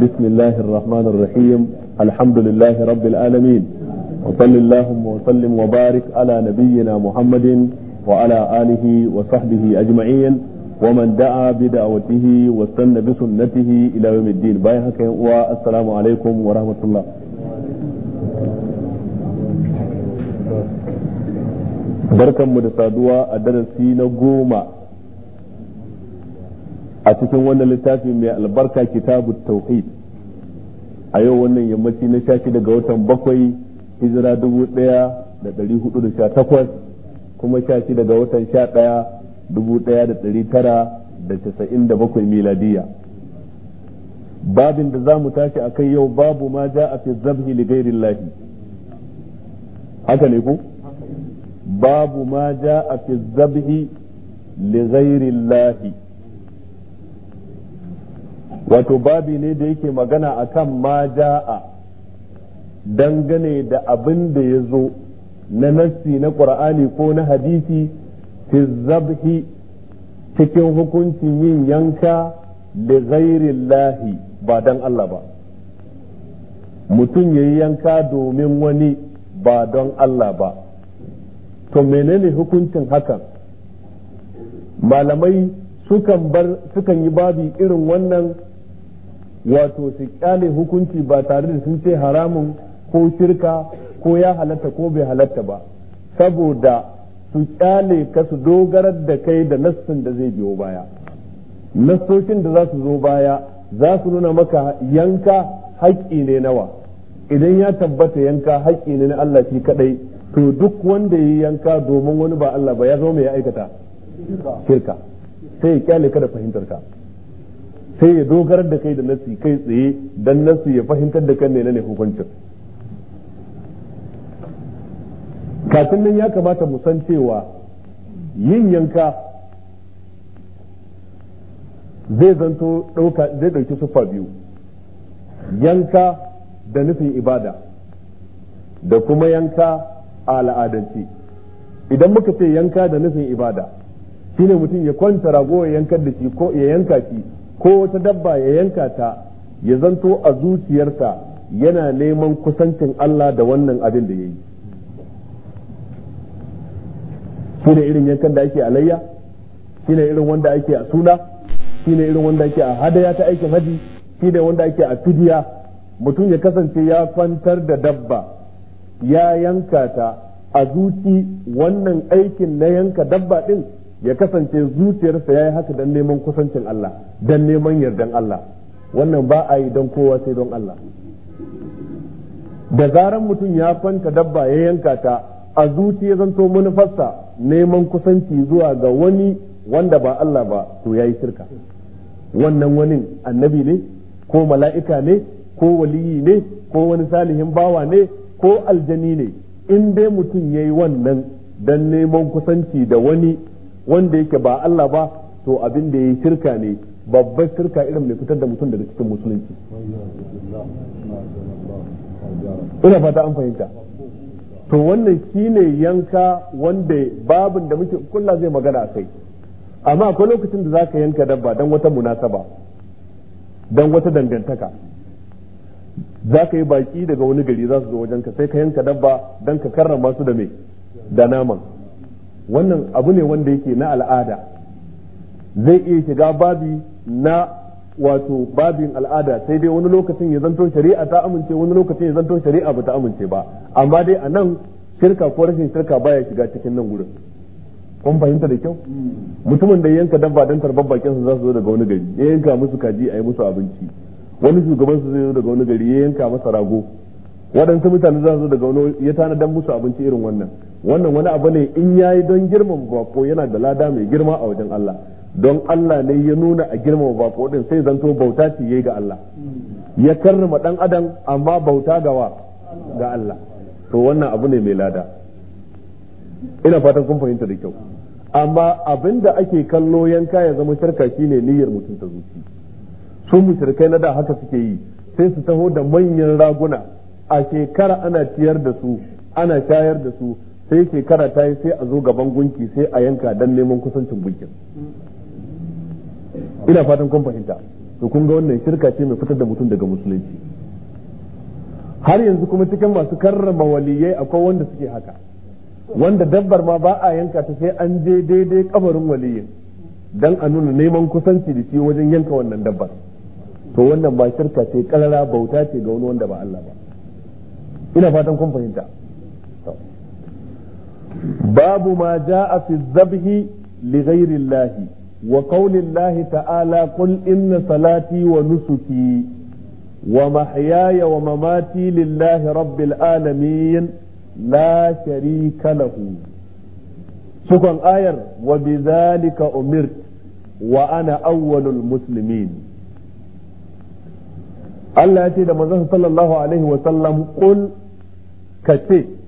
بسم الله الرحمن الرحيم الحمد لله رب العالمين وصل اللهم وسلم وبارك على نبينا محمد وعلى آله وصحبه أجمعين ومن دعا بدعوته واستنى بسنته إلى يوم الدين بايحك والسلام عليكم ورحمة الله barkanmu da saduwa a darasi na goma a cikin wannan littafi mai albarka kitabu tauhid a yau wannan yammaci na sha shi daga watan bakwai hijira dubu ɗaya da ɗari hudu da sha takwas kuma sha shi daga watan sha ɗaya dubu ɗaya da ɗari tara da casa'in da bakwai miladiya babin da za mu tashi a kai yau babu ma ja a fi zabhi li gairin lahi haka ne ku babu ma ja a fi zabhi li gairin lahi wato babi ne da yake magana akan ma ja'a dangane da abin da ya zo na nassi na ƙur'ani ko na hadisi fi zabhi cikin hukuncin yin yanka da lahi ba don Allah ba mutum ya yi yanka domin wani ba don Allah ba to menene hukuncin hakan malamai sukan yi babi irin wannan wato su kyale hukunci ba tare da sun ce haramun ko shirka ko ya halatta ko bai halatta ba saboda su kyale ka su dogarar da kai da nassin da zai biyo baya nassoshin da za su zo baya za su nuna maka yanka haƙƙi ne nawa idan ya tabbata yanka haƙƙi ne na Allah shi kadai to duk wanda ya yanka domin wani ba Allah ba ya zo mai ya aikata shirka sai ya kyale ka da fahimtar ka sai ya dogarar da kai da nasi kai tsaye dan nasi ya fahimtar da kan ne na hukuncin kafin nan ya kamata mu san cewa yin yanka zai zanto dauka zai dauki sufa biyu yanka da nufin ibada da kuma yanka a al'adance idan muka ce yanka da nufin ibada shine mutum ya kwanta ragowar ya yankar da shi ko ya yanka shi ko wata dabba ya yanka ta ya zanto a zuciyarsa yana neman kusancin Allah da wannan abin da ya yi shi ne irin yankan da ake alayya shi ne irin wanda ake a suna shi ne irin wanda ake a hadaya ta aikin haji shi ne wanda ake a fidiya mutum ya kasance ya fantar da dabba ya yanka ta a zuci wannan aikin na yanka dabba ɗin. ya kasance zuciyarsa ya yi haka dan neman kusancin Allah dan neman yardan Allah wannan ba a yi don kowa sai don Allah da zaran mutum ya fanta dabba ya yanka ta a zuciya zanto manufarsa neman kusanci zuwa ga wani wanda ba Allah ba to yayi shirka wannan wani annabi ne ko mala'ika ne ko waliyi ne ko wani salihin bawa ne ko aljani ne in dai mutum yayi wannan dan neman kusanci da wani wanda yake ba Allah ba to abin da yayi shirka ne babbar shirka irin mai fitar da mutum daga cikin musulunci ina fata an fahimta to wannan shine yanka wanda babin da muke kulla zai magana akai amma akwai lokacin da zaka yanka dabba dan wata munasaba dan wata dangantaka za ka yi baƙi daga wani gari za su zo wajenka, sai ka yanka dabba don ka karrama su da mai da naman wannan abu ne wanda yake na al'ada zai iya shiga babi na wato babin al'ada sai dai wani lokacin ya zanto shari'a ta amince wani lokacin ya zanto shari'a ba ta amince ba amma dai a nan shirka ko rashin shirka baya shiga cikin nan gurin kun fahimta da kyau mutumin da yanka dabba dan tarbar bakin su za su zo daga wani gari ya yanka musu kaji a yi musu abinci wani shugaban su zai zo daga wani gari ya yanka masa rago waɗansu mutane za su zo daga wani ya don musu abinci irin wannan wannan wani abu ne in ya yi don girman bako yana da lada mai girma a wajen Allah don Allah ne ya nuna a girmama bako din sai zanto bauta ce yayi ga Allah ya karrama dan adam amma bauta ga wa ga Allah to wannan abu ne mai lada ina fatan kun fahimta da kyau amma abin da ake kallo yanka ya zama shirka shine niyyar mutum ta zuci su mutarkai na da haka suke yi sai su taho da manyan raguna a shekara ana ciyar da su ana shayar da su sai shekara ta yi sai a zo gaban gunki sai a yanka dan neman kusancin gunkin ina fatan kun fahimta to kun ga wannan shirka ce mai fitar da mutum daga musulunci har yanzu kuma cikin masu karrama waliyai akwai wanda suke haka wanda dabbar ma ba a yanka ta sai an je daidai kabarin waliyin dan a nuna neman kusanci da shi wajen yanka wannan dabbar to wannan ba shirka ce karara bauta ce ga wani wanda ba Allah ba ina fatan kun fahimta babu ma jaa fi dhabhi li ghairi Allah wa qawli Allah ta'ala qul inna salati wa nusuki wa mahyaya wa mamati lillahi rabbil alamin la sharika lahu sukan ayar wa bidhalika umirt wa ana awwalul muslimin Allah ya ce da manzon sallallahu alaihi wa sallam qul kace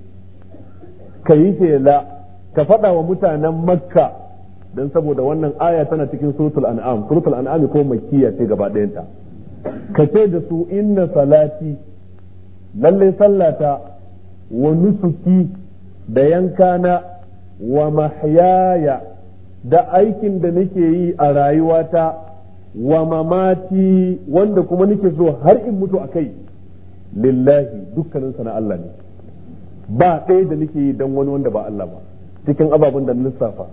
ka yi shela ka faɗa wa mutanen makka don saboda wannan aya tana cikin surutul an'am surutul an'am ko makkiya ce gaba ɗayanta ka ce da su inna salati lallai sallata wa nusuki da yankana wa mahyaya da aikin da nake yi a rayuwata wa mamati wanda kuma nake so har in mutu a kai lillahi dukkaninsa na Allah ne ba ɗaya da nake yi don wani wanda ba Allah ba cikin ababen da lissafa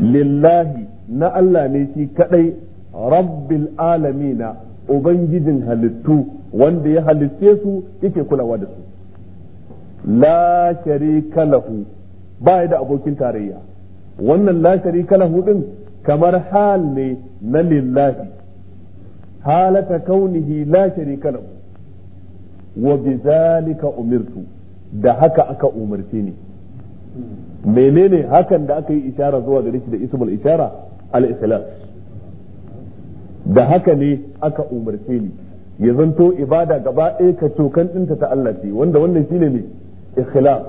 lillahi na Allah ne shi kadai rabbil alamina ubangijin halittu wanda ya halitte su yake kulawa da su la sharika lahu ba da abokin tarayya wannan la sharika lahu din kamar hal na lillahi halata kaunihi la sharika lahu wa bizalika umirtu da haka aka umarce ni menene hakan da aka yi ishara zuwa gare shi da ismul ishara al-ikhlas da haka ne aka umarce ni ya zanto ibada gaba ɗaya ka cokan ɗinta ta Allah ce wanda wannan shine ne ikhlas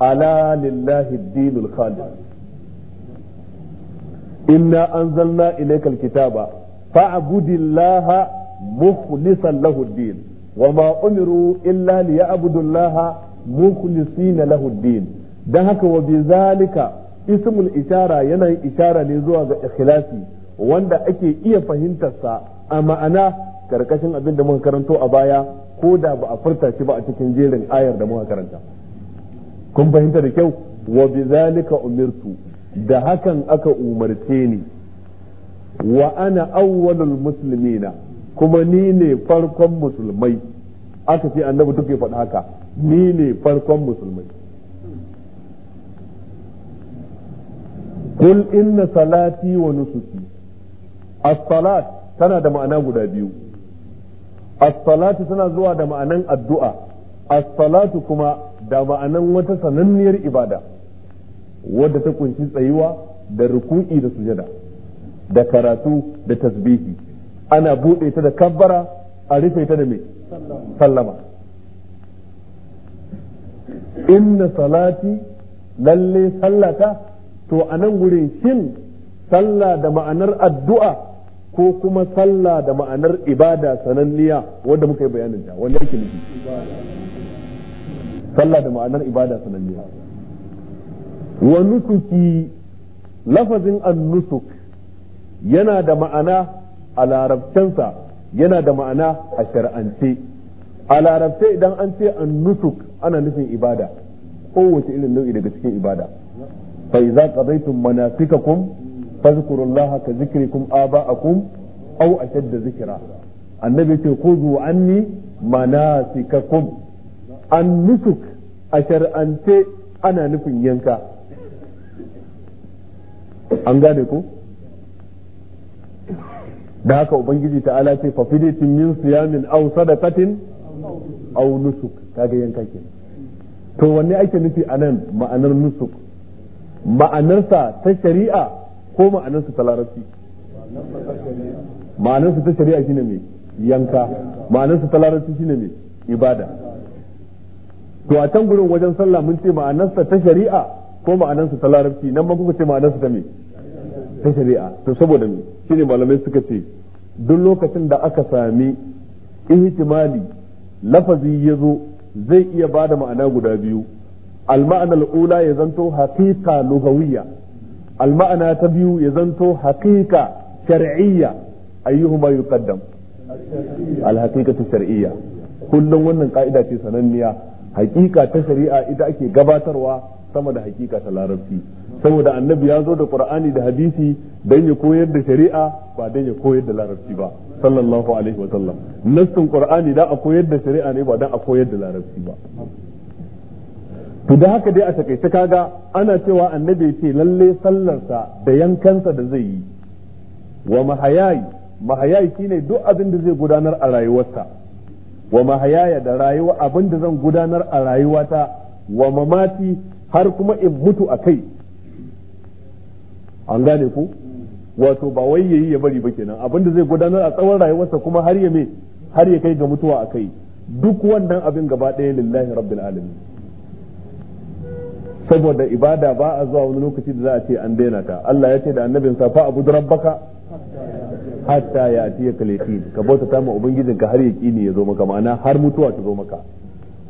ala lillahi dinul khalis inna anzalna ilaykal kitaba fa'budillaha mukhlishan lahu din وما أمروا إلا ليعبدوا الله mukhlisina lahu din dan haka wa bi zalika ismul ishara yana ishara ne zuwa ga ikhlasi wanda ake iya fahimtarsa a ma'ana karkashin abin da muka karanto a baya ko da ba a furta shi ba a cikin jerin ayar da muka karanta kun fahimta da kyau wa bi zalika umirtu da hakan aka umarce ni wa ana awwalul muslimina kuma ni ne farkon musulmai aka ce annabi duk ya faɗi haka ni ne farkon musulmai kul inna salati wa nusuki as-salat tana da ma'ana guda biyu as-salatu tana zuwa da ma'anan addu'a as-salatu kuma da ma'anan wata sananniyar ibada wadda ta kunshi tsayuwa da ruku'i da sujada da karatu da tasbihi ana buɗe ta da kabbara a rufe ta da mai sallama inna salati lalle sallata to a nan gurin shin sallah da ma'anar addu'a ko kuma sallah da ma'anar ibada sananniya wanda muka yi bayanin ta wanda yake nufi sallah da ma'anar ibada sananniya wa nusuki lafazin annusuk yana da ma'ana a larabcansa yana da ma'ana a shar'ance a larabce idan an ce an nusuk ana nufin ibada kowace irin nau'i daga cikin ibada fa idza qadaytum manasikakum fadhkurullaha ka zikrikum aba'akum aw ashadd zikra annabi ce khudhu anni manasikakum an nusuk a shar'ance ana nufin yanka an gane ko da haka ubangiji ta'ala ce fa fidatin min siyamin aw sadaqatin aw nusuk kaga yanka ke. to wanne ake nufi anan ma'anar nusuk ma'anarsa ta shari'a ko ma'anarsa ta larabci ma'anarsa ta shari'a shine mai yanka ma'anarsa ta larabci shine mai ibada to a can gurin wajen sallah mun ce ma'anarsa ta shari'a ko ma'anarsa ta larabci nan ma kuka ce ma'anarsa ta me ta shari'a to saboda me shine malamai suka ce duk lokacin da aka sami ihtimali lafazi ya zo zai iya ba da ma'ana guda biyu al-ma'ana al-ula ya zanto haqiqa lugawiyya al-ma'ana ta biyu ya zanto haƙiƙa shar'iyya ayyuhuma yuqaddam al-haqiqatu shar'iyya kullum wannan ka'ida ce sananniya haƙiƙa ta shari'a ita ake gabatarwa sama da haƙiƙa ta larabci saboda annabi ya zo da qur'ani da hadisi dan ya koyar da shari'a ba dan ya koyar da larabci ba sallallahu alaihi wa sallam nassin qur'ani da a koyar da shari'a ne ba dan a koyar da larabci ba to da haka dai a takaice kaga ana cewa annabi ya ce lalle sallarsa da yankansa da zai yi wa mahayayi mahayayi shine duk abin da zai gudanar a rayuwarsa wa mahayaya da rayuwa abin da zan gudanar a rayuwata wa mamati har kuma in mutu a kai an gane ku wato ba wai yayi ya bari ba kenan abinda zai gudanar a tsawon rayuwarsa kuma har ya me har ya kai ga mutuwa a kai duk wannan abin gaba ɗaya lillahi rabbil alamin saboda ibada ba a zuwa wani lokaci da za a ce an daina ta Allah ya ce da annabin sa fa abu rabbaka hatta ya ka kalatin ka bauta ta ma ka har ne ya zo maka ma'ana har mutuwa ta zo maka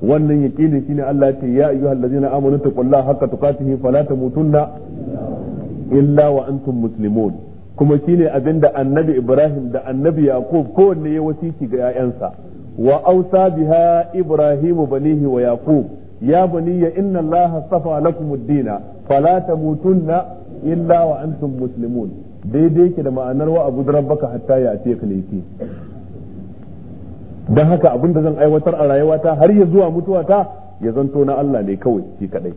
wannan ne shine Allah ya ce ya ladina amanu taqullaha haqqa tuqatihi fala tamutunna illa wa antum muslimun kuma shine abinda annabi Ibrahim da annabi Yaqub kowanne ya wasiki ga 'ya'yansa wa ausa biha Ibrahimu banihi wa Yaqub ya ya inna Allah safa lakum ad-dina fala tamutunna illa wa antum muslimun daidai ke da ma'anar wa abu rabbaka hatta ya ce ka laifi dan haka abinda zan aiwatar a rayuwata har ya zuwa mutuwata ya zanto na Allah ne kawai shi kadai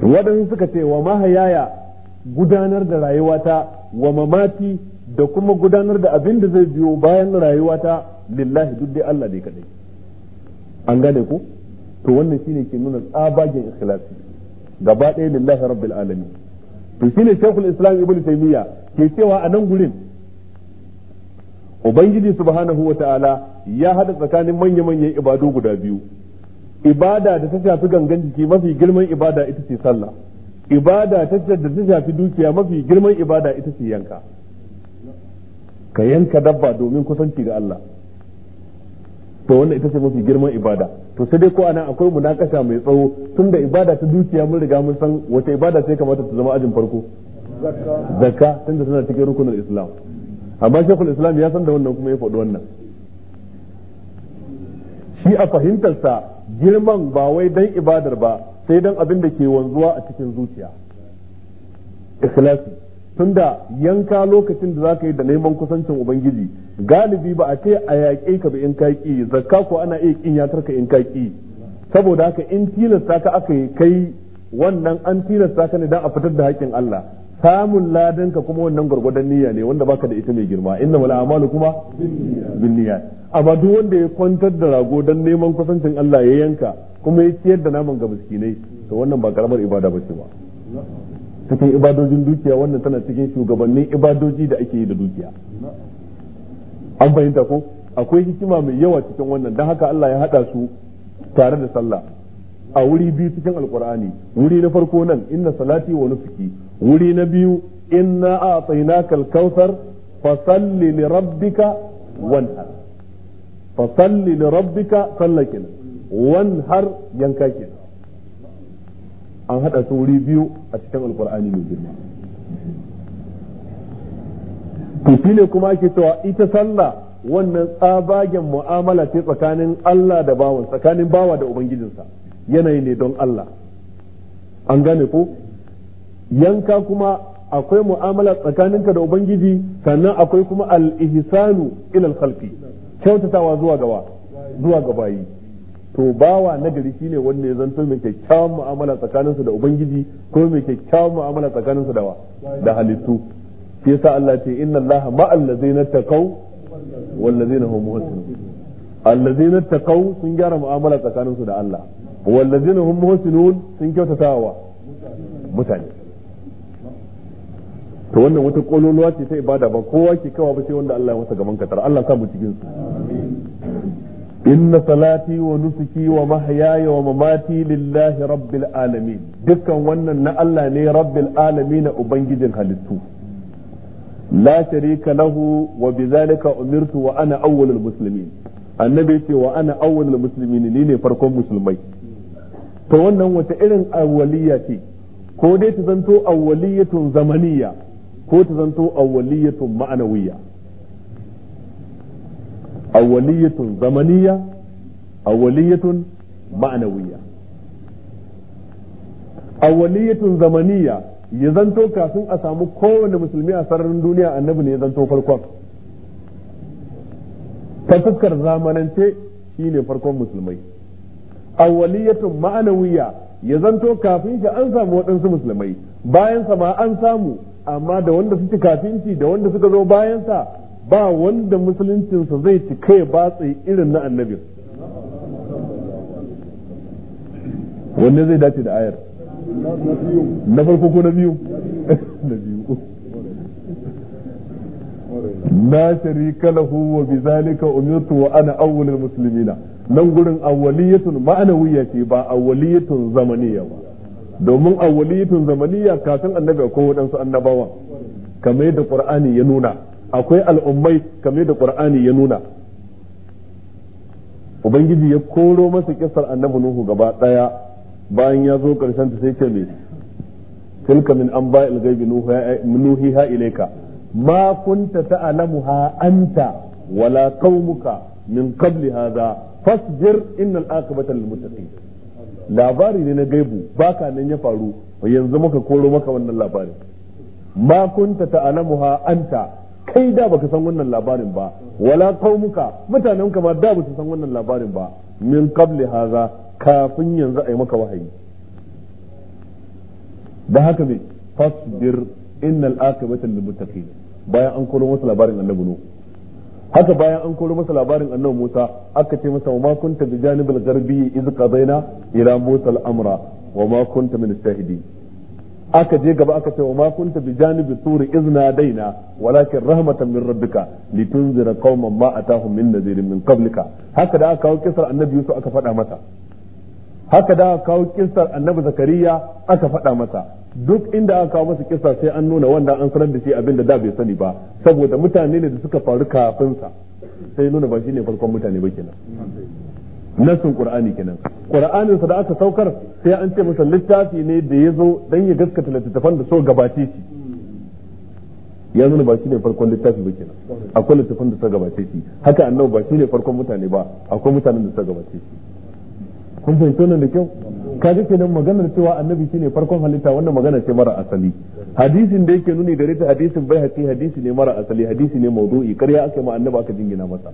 waɗansu suka ce wa mahayaya gudanar da rayuwata wa mamati da kuma gudanar da abin da zai biyo bayan rayuwata lillahi duk dai Allah ne kadai an gane ku to wannan shine ke nuna tsabagen ikhlasi gaba ɗaya lillahi rabbil alamin to shine shekul islam ibn taymiya ke cewa a nan gurin ubangiji subhanahu ta'ala ya hada tsakanin manya-manyan ibadu guda biyu ibada da ta shafi gangan jiki mafi girman ibada ita ce sallah ibada ta da ta shafi dukiya mafi girman ibada ita ce yanka ka yanka dabba domin kusanci da Allah to wannan ita ce mafi girman ibada to sai dai ko anan akwai munakasha mai tsawo tunda ibada ta dukiya mun riga mun san wace ibada ce kamata ta zama ajin farko zakka tunda tana cikin rukunin islam amma shekul islam ya san da wannan kuma ya faɗi wannan shi a fahimtarsa girman ba wai dan ibadar ba sai dan abin da ke wanzuwa a cikin zuciya ikhlasi tunda yanka lokacin da zaka yi da neman kusancin ubangiji galibi ba a ce a yaƙe ka ba in ka ki zakka ko ana iya kin ya tarka in ka ki saboda haka in tilasta ka aka kai wannan an tilasta ka ne dan a fitar da haƙƙin Allah samun ladanka kuma wannan gwargwadon niyya ne wanda baka da ita mai girma inna wala amalu kuma bin niyya amma duk wanda ya kwantar da rago dan neman kusancin Allah ya yanka kuma ya ciyar da naman ga miskinai to wannan ba karamar ibada ba ce ba cikin ibadojin dukiya wannan tana cikin shugabannin ibadoji da ake yi da dukiya an fahimta ko akwai hikima mai yawa cikin wannan don haka Allah ya hada su tare da sallah a wuri biyu cikin alkur'ani wuri na farko nan inna salati wa nusuki wuri na biyu inna a'tainaka al-kautsar fasalli li rabbika wanhar fasalli li rabbika sallakin wanhar yanka ke an hada su wuri biyu a cikin alqur'ani mai girma to shine kuma ake cewa ita sallah wannan tsabagen mu'amala ce tsakanin Allah da bawan tsakanin bawa da ubangijinsa yanayi ne don Allah an gane ko yanka kuma akwai mu'amala tsakaninka da ubangiji sannan akwai kuma al-ihsanu ila al-khalqi kyautatawa zuwa gaba, zuwa gabayi. bayi to bawa nagari shine wanda ya zanto mai kyakkyawan mu'amala tsakaninsa da ubangiji ko mai kyakkyawan mu'amala tsakaninsa da wa da halittu shi yasa Allah ce inna Allah ma'al ladzina taqaw wal ladzina hum muhsinun alladzina taqaw sun gyara mu'amala tsakaninsu da Allah wal ladzina hum muhsinun sun kyautatawa mutane to wannan wata kololuwa ce ta ibada ba kowa ke kawa ba sai wanda Allah ya masa gaban katar Allah sa mu cikin su inna salati wa nusuki wa mahyaya wa mamati lillahi rabbil alamin dukkan wannan na Allah ne rabbil alamin ubangijin halittu la sharika lahu wa bidhalika umirtu wa ana awwalul muslimin annabi yace wa ana awwalul muslimin ni ne farkon musulmai to wannan wata irin awwaliyya ce ko dai ta zanto awwaliyatun zamaniya ko ta zanto awwaliyatun ma'anawiyya awwaliyatun zamaniyya awwaliyatun ma'anawiyya awwaliyatun zamaniyya ya zanto kafin a samu kowane musulmi a sararin duniya annabi ne ya zanto farkon ta fuskar zamanance shine farkon musulmai awwaliyatun ma'anawiyya ya zanto kafin shi an samu waɗansu musulmai bayan sa ma an samu amma da wanda suke kafin da wanda suka zo bayansa ba wanda musuluncinsa zai cika ya batse irin na annabin wanne zai dace da ayar na farko ko na biyu na biyu na sharika lahu wa zalika umirtu wa ana awwalul muslimina nan gurin awwaliyatun ma'anawiyya ce ba awwaliyatun zamaniya ba domin a waliyatun zamaniya kafin annabi akwai waɗansu annabawa kamar yadda qur'ani ya nuna akwai al'ummai kamar yadda qur'ani ya nuna ubangiji ya koro masa kisar annabi nuhu gaba daya bayan ya zo karshen ta sai ce me tilka min anba'il ghaibi nuhi ha ilayka ma kunta ta'lamuha anta wala qaumuka min qabli hadha fasbir innal aqibata lil muttaqin labari ne na gaibu baka nan ya faru yanzu muka koro maka wannan labarin ma kunta ta'lamuha anta kai da baka san wannan labarin ba wala qaumuka mutanen ka ma da ba su san wannan labarin ba min qabli haza kafin yanzu ai maka wahayi da haka me fasbir innal aqibata lil muttaqin bayan an koro masa labarin annabi haka bayan an koro masa labarin annabi Musa aka ce masa wa kunta bi janibal garbi iz qadaina ila Musa al-amra wa ma kunta min aka je gaba aka ce ma kunta bi janibi turi iz nadaina walakin rahmatan min rabbika litunzira qauman ma atahum min nadirin min qablika haka da aka kawo kisar annabi Yusuf aka faɗa masa haka da aka kawo kisar annabi Zakariya aka faɗa masa duk inda aka kawo masa kisa sai an nuna wanda an sanar da shi abin da da bai sani ba saboda mutane ne da suka faru kafin sa sai nuna ba shine farkon mutane ba kenan nasin qur'ani kenan qur'anin sa da aka saukar sai an ce masa littafi ne da ya zo dan ya gaskata littattafan da so gabace shi ya nuna ba shine farkon littafi ba kenan akwai littattafan da so gabace shi haka annabi ba shine farkon mutane ba akwai mutanen da suka gabace shi kun fahimci wannan da kyau ji kenan maganar cewa annabi shine farkon halitta wannan magana ce mara asali hadisin da yake nuni gare ta hadisin bai haƙi hadisi ne mara asali hadisi ne maudu'i karya aka ma annabi aka jingina masa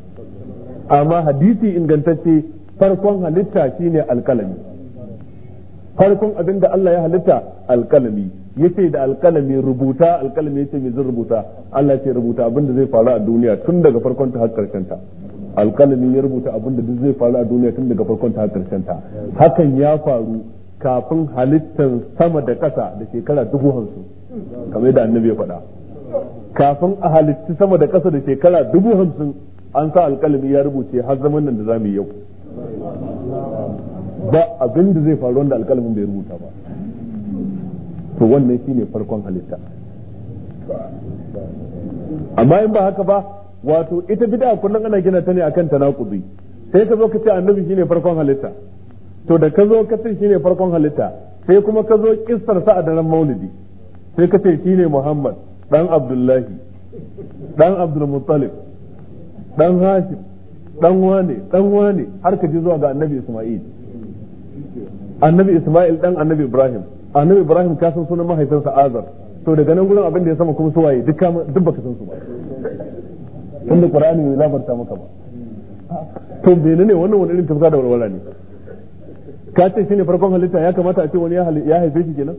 amma hadisi ingantacce farkon halitta shine alkalami farkon abin da Allah ya halitta alkalami yace da alkalami rubuta alkalami yace mai zan rubuta Allah ya ce rubuta abin da zai faru a duniya tun daga farkon ta har karshen ta Alƙalamin ya rubuta abin da duk zai faru a duniya tun daga farkon ta karshen ta hakan ya faru kafin halittar sama da ƙasa da shekara dubu hamsin kamar yadda annabi ya faɗa kafin a halitti sama da ƙasa da shekara dubu hamsin an sa alƙalami ya rubuce har zaman nan da za mu yi yau ba abin da zai faru wanda alƙalamin bai rubuta ba to wannan shine farkon halitta amma in ba haka ba wato ita bid'a kullum ana gina ta ne akan tanakudi sai ka zo ka ce annabi shine farkon halitta to da ka zo ka ce shine farkon halitta sai kuma ka zo kissar sa a daren maulidi sai ka ce shine muhammad dan abdullahi dan abdul muttalib dan hashim dan wane dan wane har ka ji zuwa ga annabi isma'il annabi isma'il dan annabi ibrahim annabi ibrahim ka san sunan mahaifinsa azar to daga nan gurin abin da ya sama kuma suwaye duk duk baka san su ba da qur'ani mai labarta maka ba to ne wannan wani irin tafka da walwala ne ka ce shi ne farkon halitta ya kamata a ce wani ya haife shi kenan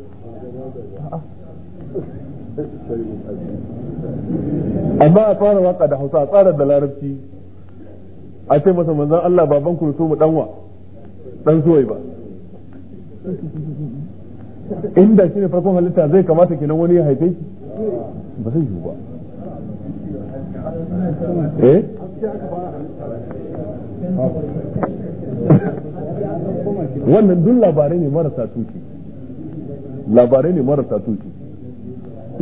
amma a fara waka da hausa a tsara da larabci a ce masa manzan Allah baban ku so mu danwa dan suwai ba inda ne farkon halitta zai kamata kenan wani ya haife shi ba zai yiwu ba Eh? wannan duk labarai ne marasa tuki labarai ne marasa tuki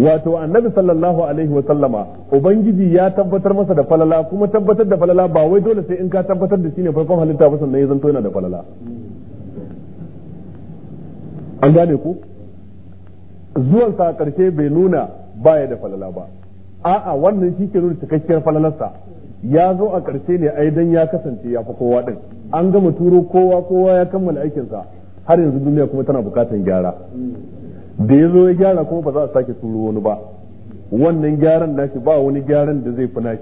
wato annabi sallallahu alaihi wa sallama ubangiji ya tabbatar masa da falala kuma tabbatar da falala ba wai dole sai in ka tabbatar da shi ne farkon halitta ba sannan ya zanto yana da falala an gane ku zuwansa a ƙarshe bai nuna baya da falala ba a'a wannan shi ke nuna cikakkiyar falalarsa ya zo a ƙarshe ne ai dan ya kasance ya fi kowa din an gama turo kowa kowa ya kammala aikinsa har yanzu duniya kuma tana bukatan gyara da ya zo ya gyara kuma ba za a sake turo wani ba wannan gyaran nashi ba wani gyaran da zai fi nashi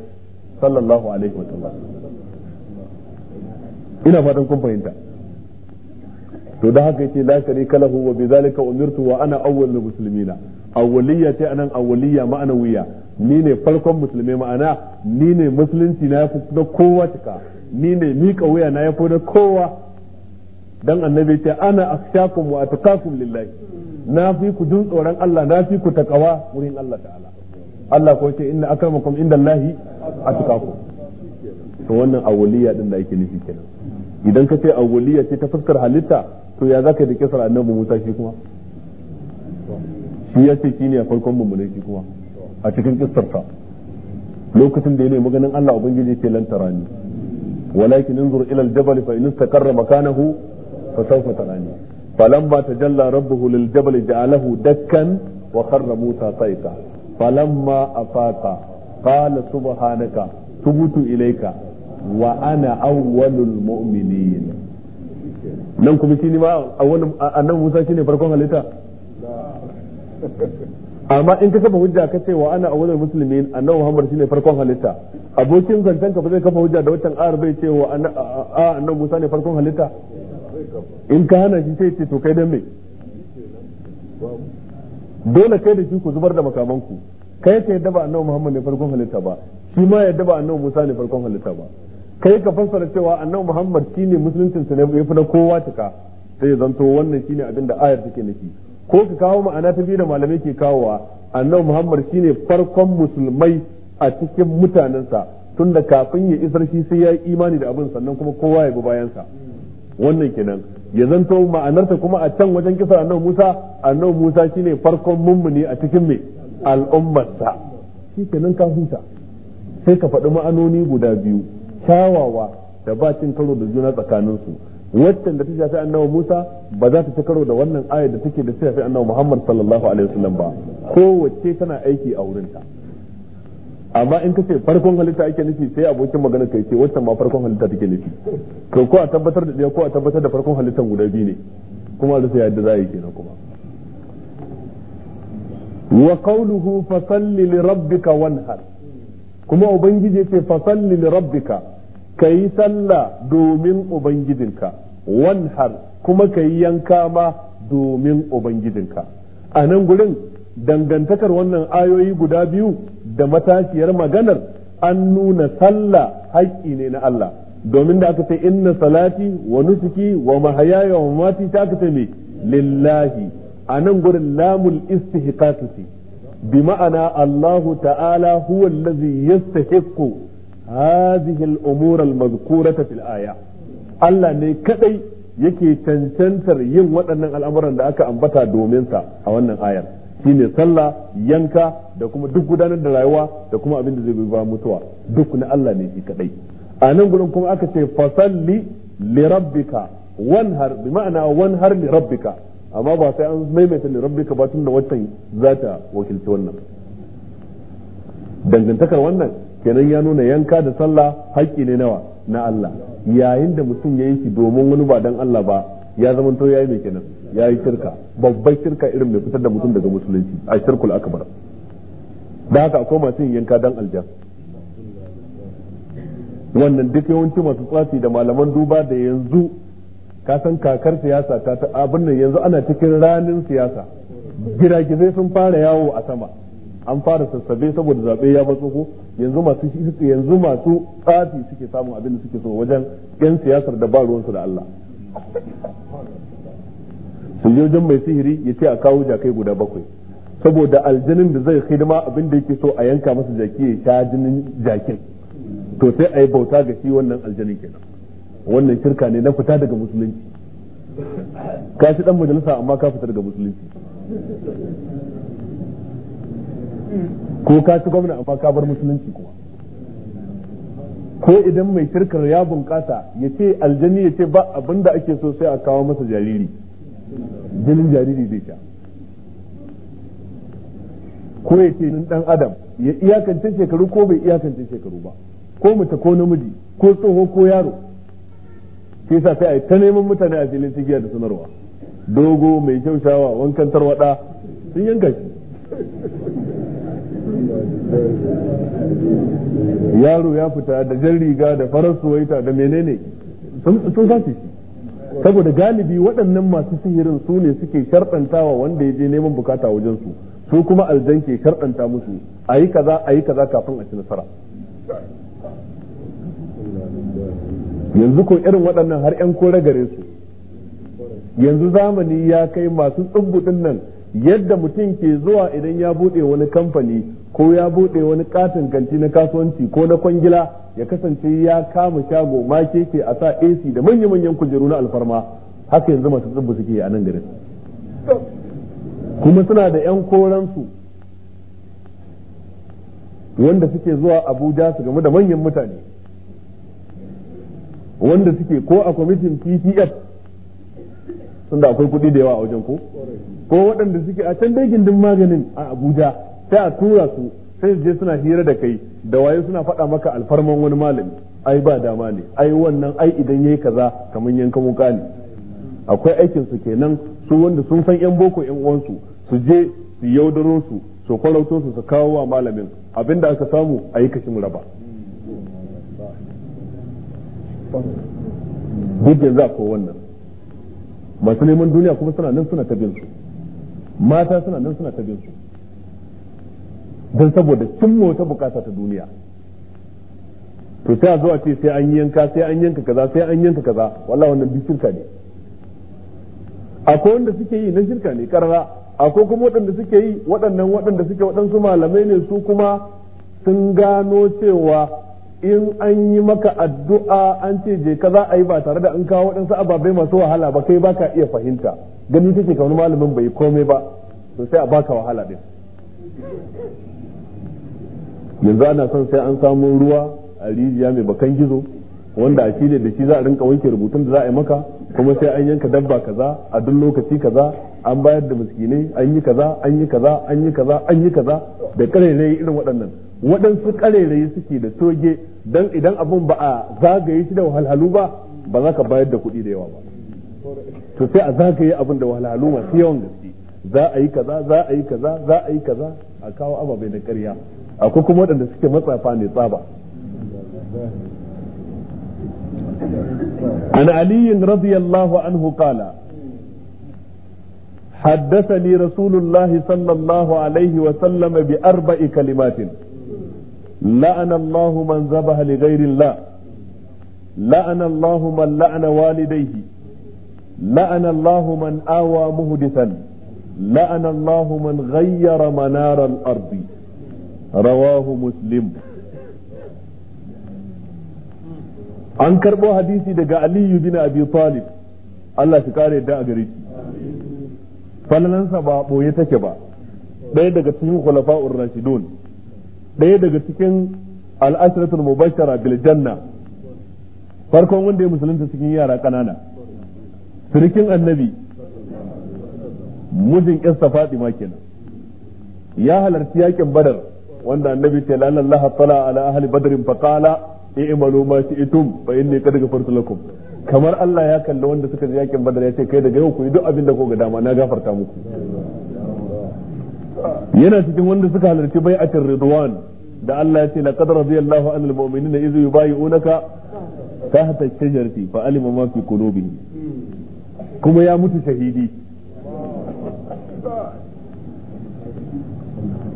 sallallahu alaihi wa sallam ina fatan kun fahimta to da haka yace la sharika lahu wa zalika umirtu wa ana awwalul muslimina awwaliyya ta anan awwaliyya ma'anawiyya ni ne farkon musulmi ma'ana ni ne musulunci na yafi na kowa cika ni ne mika wuya na yafi na kowa dan annabi ce ana akshakum wa atqakum lillahi na fi ku jin tsoron Allah na fi ku takawa wurin Allah ta'ala Allah ko ce inna akramakum Allahi atqakum to wannan awliya din da yake nufi kenan idan ka ce awliya ce ta fuskar halitta to ya zaka da kisar annabi Musa shi kuma shi yace shine farkon mummunai shi kuma a cikin kistarsa lokacin da ya nemi ganin Allah ubangiji ce lantara tarani walakin inzur ila al fa in istaqarra makanahu fa sawfa tarani falamma tajalla rabbuhu lil ja'alahu dakkan wa kharra musa sayqa falamma afaqa qala subhanaka tubutu ilayka wa ana awwalul mu'minin nan kuma shi ne ma a wannan annabi Musa shine farkon halitta amma in ka kafa hujja ka ce wa ana a awwalul muslimin annabi Muhammad shine farkon halitta abokin zancen ka zai kafa hujja da wancan ayar bai ce wa a annabi Musa ne farkon halitta in ka hana shi sai ce to kai dan me dole kai da shi ku zubar da makamanku kai ka yadda ba annabi Muhammad ne farkon halitta ba shi ma yadda ba annabi Musa ne farkon halitta ba kai ka fassara cewa annabi Muhammad shine musuluncin sa ne yafi na kowa tuka sai zanto wannan shine abin da ayar take nufi ko ka kawo ma'ana ta da malamai ke kawowa annabi muhammad shine farkon musulmai a cikin mutanensa tunda kafin ya isar shi sai ya yi imani da abin sannan kuma kowa ya bi bayansa wannan kenan ya zanto ma'anarta kuma a can wajen kisar annabi musa annabi musa shine farkon mummuni a cikin mai al'ummarsa shi kenan ka huta sai ka faɗi ma'anoni guda biyu kyawawa da bacin karo da juna tsakaninsu waccan da ta shafi annabi Musa ba za ta ci karo da wannan ayar da take da ta shafi annabi Muhammad sallallahu alaihi wasallam ba wacce tana aiki a wurinta amma in kace farkon halitta ake nufi sai abokin magana kai ce waccan ma farkon halitta take nufi ko ko a tabbatar da ɗaya ko a tabbatar da farkon halittan guda biyu ne kuma da sai yadda za a yi kenan kuma wa qawluhu fasalli li rabbika wanhar kuma ubangiji ce fasalli li rabbika ka yi sallah domin ubangijinka wanhar kuma ka yi yanka ma domin ubangijinka a nan gurin dangantakar wannan ayoyi guda biyu da matashiyar maganar an nuna sallah haƙƙi ne na Allah domin da aka ce inna salati wa nusuki wa mahayaya wa mamati ta aka ce ne lillahi a nan gurin lamul istihqaqi bi ma'ana Allahu ta'ala huwa allazi yastahiqqu هذه الامور المذكوره في الايه الله aya Allah ne kadai yake cancantar yin waɗannan al'amuran da aka ambata domin sa a wannan ayar shine sallah yanka da kuma duk gudanar da rayuwa da kuma abin da zai ba mutuwa duk na Allah ne shi kadai a nan gurin kuma aka ce fasalli li rabbika wanhar bi ma'ana wanhar li rabbika amma ba sai an maimaita li rabbika ba tunda wancan zata wakilci wannan dangantakar wannan kenan ya nuna yanka da sallah haƙƙi ne nawa na Allah yayin da mutum ya yi shi domin wani ba dan Allah ba ya zama to yayi ne kenan yayi shirka babbar shirka irin mai fitar da mutum daga musulunci a shirkul akbar da haka akwai masu yin yanka dan aljan wannan duk yawanci masu tsafi da malaman duba da yanzu ka san kakar siyasa ta abin nan yanzu ana cikin ranin siyasa giragizai sun fara yawo a sama an fara sassabe saboda zabe ya matso ko yanzu masu shi suke yanzu masu tsafi suke samun abin da suke so wajen yan siyasar da ba ruwansu da Allah su mai sihiri ya ce a kawo jakai guda bakwai saboda aljanin da zai hidima abin da yake so a yanka masa jaki ya sha jinin jakin to sai a yi bauta ga shi wannan aljanin kenan wannan shirka ne na fita daga musulunci ka shi dan majalisa amma ka fita daga musulunci ko ka ci gwamna amma ka bar musulunci kuma ko idan mai shirkar ya bunƙasa ya ce aljani ya ce ba abin da ake so sai a kawo masa jariri jinin jariri zai sha ko ya ce dan adam ya iyakance shekaru ko bai iyakance shekaru ba ko mata ko namiji ko tsoho ko yaro sai sa sai a ta neman mutane a filin tigiya da sanarwa dogo mai kyau shawa wankan tarwada sun yanka shi yaro ya fita da jan riga da farar suwaita da menene sun sace shi saboda galibi waɗannan masu sihirin su ne suke sharɗantawa wanda ya je neman bukata wajen su su kuma aljan ke sharɗanta musu a yi kaza a yi kaza kafin a ci nasara yanzu ko irin waɗannan har 'yan kore gare su yanzu zamani ya kai masu tsubbuɗin nan yadda mutum ke zuwa idan ya buɗe wani kamfani ko ya bude wani katin kanti na kasuwanci ko na kwangila ya kasance ya kama shago ma keke a sa AC da manya-manyan kujeru na alfarma haka yanzu masu tsibbu suke a nan garin kuma suna da 'yan koransu wanda suke zuwa abuja su game da manyan mutane wanda suke ko a kwamitin ptf sun da akwai kuɗi da yawa a wajen ko ko waɗanda suke a can dai gindin maganin a abuja sai a tura su sai su je suna hira da kai da waye suna faɗa maka alfarman wani malami ai ba dama ne ai wannan ai idan yayi kaza kamar yanka wuka ne akwai aikin su kenan su wanda sun san yan boko yan uwansu su je su yaudaro su su kwarauto su su kawo wa malamin abinda aka samu a yi kashin raba duk za ko wannan masu neman duniya kuma suna nan suna ta su mata suna nan suna ta su don saboda sun mota bukata ta duniya to sai a zo a ce sai an yanka sai an yanka kaza sai an yanka kaza wallahi wannan bi shirka ne akwai wanda suke yi na shirka ne karara akwai kuma waɗanda suke yi waɗannan waɗanda suke waɗansu malamai ne su kuma sun gano cewa in an yi maka addu'a an ce je kaza a yi ba tare da an kawo waɗansu ababai masu wahala ba kai baka iya fahimta gani kake ka wani malamin bai komai ba to sai a baka wahala din yanzu ana son sai an samu ruwa a rijiya mai bakan gizo wanda a shi da shi za a rinka wanke rubutun da za a yi maka kuma sai an yanka dabba kaza a duk lokaci kaza an bayar da miskinai an yi kaza an yi kaza an yi kaza an yi kaza da karerai irin waɗannan waɗansu karerai suke da toge dan idan abun ba a zagaye shi da wahalhalu ba ba za ka bayar da kuɗi da yawa ba to sai a zagaye abun da wahalhalu masu yawan gaske za a yi kaza za a yi kaza za a yi kaza a kawo ababai da ƙarya akwai kuma waɗanda suke matsafa ne tsaba عن علي رضي الله عنه قال حدثني رسول الله صلى الله عليه وسلم بأربع كلمات لعن الله من ذبح لغير الله لعن الله من لعن والديه لعن الله من آوى مهدثا لعن الله من غير منار الأرض rawahu muslim an karbo hadisi daga aliyu bin abi talib Allah shi kare da a gare shi falalansa ba boye take ba ɗaya daga cikin khulafa'ur rashidun ɗaya daga cikin al'ashratul mubashara bil janna farkon wanda ya musulunta cikin yara kanana sirikin annabi mijin ƙyasta ma kenan ya halarci yakin badar wanda annabi ce la Allah tala ala ahli badrin fa qala i'malu ma shi'tum fa inni qad ghafartu lakum kamar Allah ya kalli wanda suka je yakin badar ya ce kai daga yau ku yi duk abin da ku ga dama na gafarta muku yana cikin wanda suka halarci bai'atul ridwan da Allah ya ce laqad radiyallahu anil mu'minina idh yubayi'unaka tahta ash-shajarati fa alima ma fi qulubihim kuma ya mutu shahidi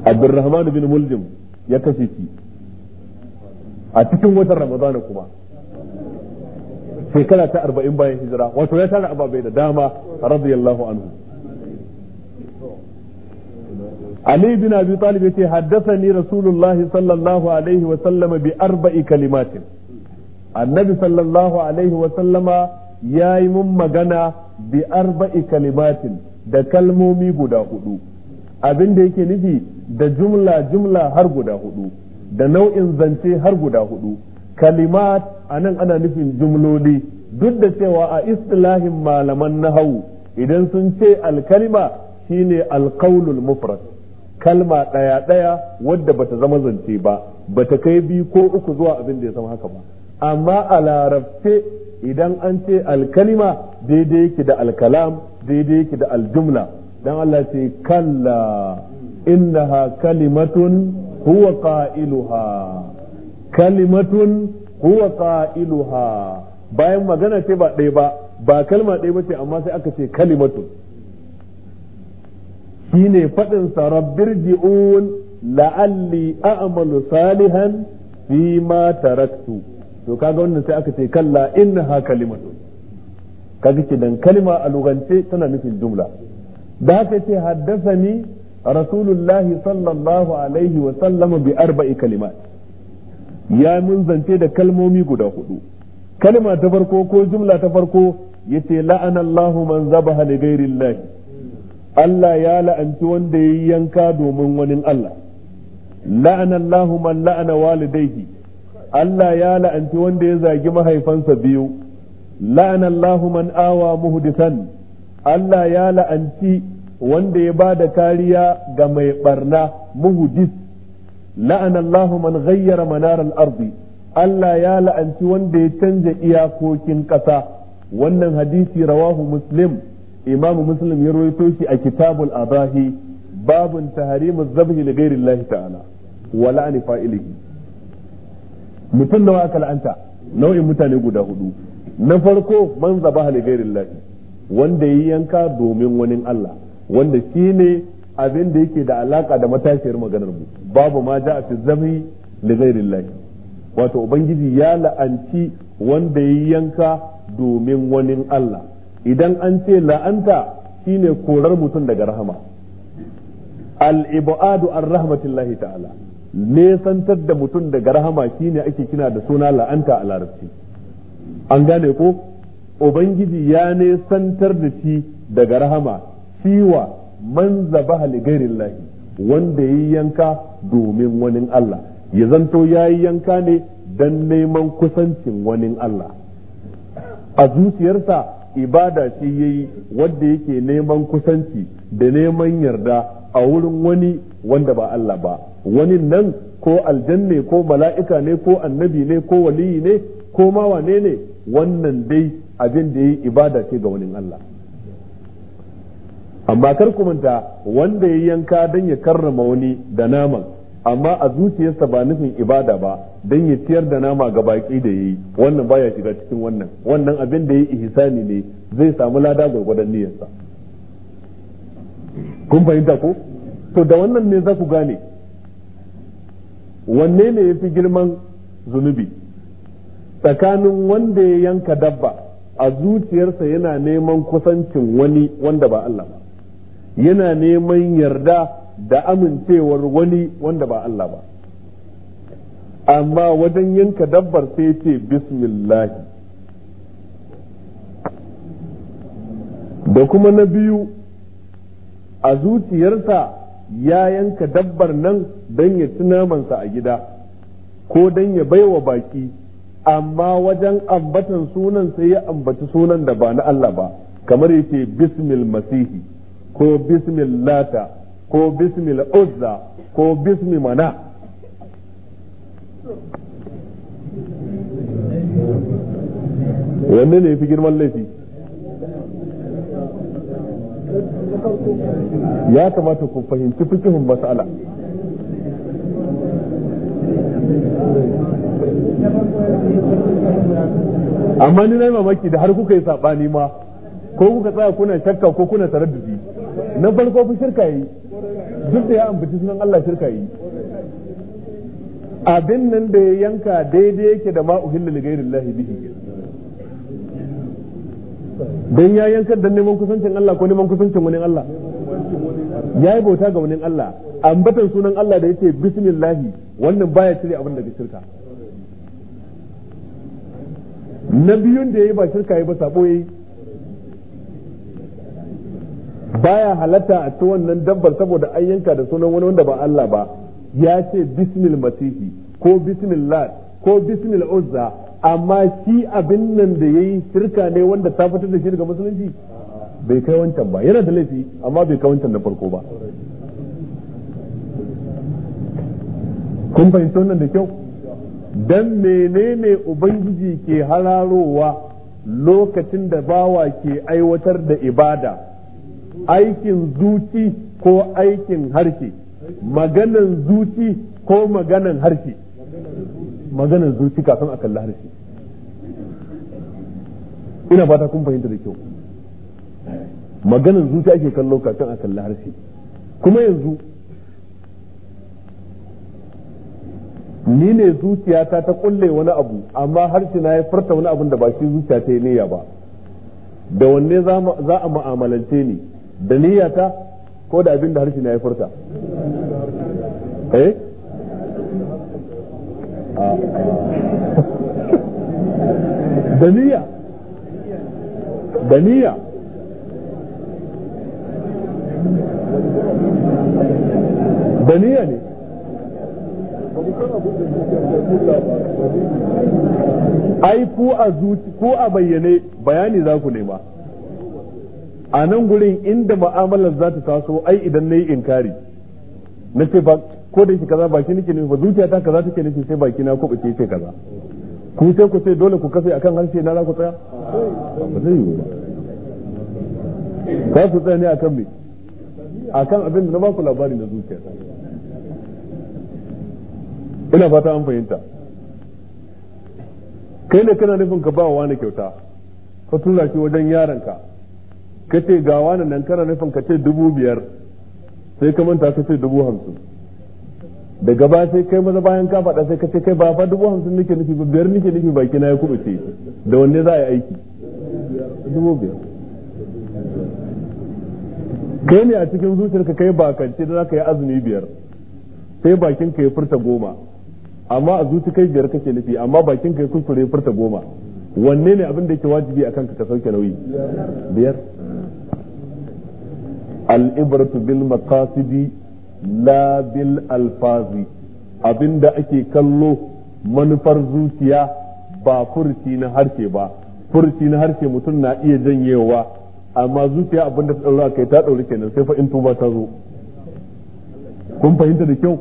abdurrahman bin muljim ya kashe shi a cikin watan ramadana kuma shekara ta arba'in bayan hijira wato ya tara ababai da dama radiyallahu anhu Ali bin Abi Talib yace haddathani Rasulullahi sallallahu alaihi wa sallama bi arba'i kalimatin Annabi sallallahu alaihi wa sallama yayi mun magana bi arba'i da kalmomi guda huɗu. abin da yake nufi da jumla jumla har guda hudu da nau'in zance har guda hudu kalimat nan ana nufin jumloli duk da cewa a istilahin malaman nahawu idan sun ce alkalima shine alqaulul mufrad kalma daya daya wadda bata zama zance ba bata kai bi ko uku zuwa abin da ya zama haka ba amma a larabce idan an ce alkalima daidai yake da alkalam daidai yake da aljumla dan Allah ce kalla innaha kalimatun huwa qailuha kalimatun huwa qailuha bayan magana ce ba ɗaya ba ba kalma ɗaya ba ce amma sai aka ce kalimatun shine faɗin sa rabbir ji'un la'alli a'malu salihan fi ma taraktu to kaga wannan sai aka ce kalla innaha kalimatun kaga ke dan kalima a lugance tana nufin jumla da haka ce ni rasulullahi sallallahu alaihi wa sallama bi arba'i kalimat ya mun zance da kalmomi guda hudu kalma ta farko ko jumla ta farko yace la'anallahu man zabaha li ghairillahi Allah ya la'anci wanda yayi yanka domin wani Allah la'anallahu man la'ana walidayhi Allah ya la'anci wanda ya zagi mahaifansa biyu la'anallahu man awa muhdisan Allah ya la'anci wanda ya ba da kariya ga mai barna muhudis la'anallahu man ghayyara manar al-ardi Allah ya la'anci wanda ya canja iyakokin ƙasa wannan hadisi rawahu muslim imam muslim ya rawaito shi a kitabul adahi babun tahrimu zabhi li ghayri Allah ta'ala wa la'ani fa'ilihi mutum da aka la'anta nau'in mutane guda hudu na farko man zabaha li ghayri Allah wanda ya yanka domin wani Allah wanda shi ne abin da yake da alaka da matashiyar maganar mu babu ma a fi zami li ghairillahi wato ubangiji ya la'anci wanda ya yanka domin wani Allah idan an ce la'anta shine korar mutum daga rahama al-ibadu an rahmatillahi ta'ala nesantar da mutum daga rahama shine ake kina da suna la'anta a larabci an gane ko ubangiji ya ne santar da shi daga rahama siwa man zaba li lahi wanda yi yanka domin wani Allah ya zanto ya yi yanka ne don neman kusancin wani Allah a zuciyarsa ibada shi ya yi wadda yake neman kusanci da neman yarda a wurin wani wanda ba Allah ba wani nan ko aljanne ko mala'ika ne ko annabi ne ko waliyi ne ko ma wane ne wannan dai abin da yi ibada ce ga wani Allah amma kar ku manta wanda ya yanka dan ya karrama wani da naman amma a zuciyarsa ba nufin ibada ba dan ya ciyar da nama ga baki da ya yi wannan baya shiga cikin wannan wannan abin da ya yi ihsani ne zai samu lada gwargwadon niyyarsa kun fahimta ko to da wannan ne za ku gane wanne ne ya fi girman zunubi tsakanin wanda ya yanka dabba a zuciyarsa yana neman kusancin wani wanda ba Allah ba yana neman yarda da amincewar wani wanda ba Allah ba amma wajen yanka dabbar sai ce bismillah da kuma na biyu a zuciyarsa ya yanka dabbar nan don ya ci namansa a gida ko don ya baiwa baki amma wajen ambatan sunan sai ya ambaci sunan da ba na Allah ba kamar yake bismil masihi ko bismil lata ko bismil uzza ko bismi mana wanne ne fi girman laifi ya kamata ku fahimci fikihun mas'ala amma ni yi mamaki da har kuka yi saɓani ma ko kuka tsaya kuna shakka ko kuna taraddudi na farko fi shirka yi duk da ya ambaci sunan Allah shirka yi abin nan da ya yanka daidai yake da ma'uhilla li ghairi Allah bihi dan ya yanka dan neman kusancin Allah ko neman kusancin wani Allah ya yi bauta ga wani Allah ambatan sunan Allah da yake bismillah wannan baya cire abin da ke shirka na biyun da ya yi ba shirka yi ba sabo ba baya halatta a ci wannan dabbar saboda an yanka da sunan wani wanda ba Allah ba ya ce bismil masihi ko lad ko bismil uzza amma shi abin nan da ya yi shirka ne wanda ta fitar da shi daga musulunci bai kai wancan ba yana da laifi amma bai kai wancan da farko ba kun fahimci wannan da kyau dan menene ubangiji ke hararowa lokacin da bawa ke aiwatar da ibada aikin zuci ko aikin harshe maganan zuci ko maganan harshe maganan zuci kafin a kalli harshe ina fata kun fahimta da kyau maganan zuci ake kallo kafin a kalli harshe kuma yanzu ni ne zuciyata ta kulle wani abu amma harshe na ya furta wani abun da ba shi zuciya ta yi niyya ba da wanne za a ma'amalance ni da niyyata ko da abin da harshe na ya furta eh da niyya da niyya da niyya ne ai ko a zuci ko a bayyane bayani za ku nema a nan gurin inda ma'amalar za ta taso ai idan na yi inkari na ce ba ko da shi kaza baki nake nufi ba zuciya ta kaza take nufi sai baki na kuɓuce ce kaza ku sai ku sai dole ku kasai akan harshe na za ku tsaya ba zai yiwu ba za ku tsaya ne akan me akan abin da na ba ku labari na zuciya ina fata an fahimta kai ne kana nufin ka ba wa wani kyauta ka tura shi wajen yaron ka ka ce ga wani nan kana nufin ka ce dubu biyar sai ka manta ka ce dubu hamsin daga ba sai kai maza bayan ka faɗa sai ka ce kai ba fa dubu hamsin nake nufi ba biyar nake nufi baki na ya ce da wanne za a yi aiki dubu biyar kai ne a cikin zuciyarka kai bakance da za ka yi azumi biyar sai bakin ka ya furta goma amma a zuci kai biyar kake nufi amma bakin kai kuskure furta goma wanne ne abin da yake wajibi akan ka ka sauke nauyi biyar al'ibratu bil maqasidi la bil alfazi abinda ake kallo manufar zuciya ba furci na harshe ba furci na harshe mutum na iya janyewa amma zuciya abinda ta daura kai ta ɗaure kenan sai fa in tuba ta zo kun fahimta da kyau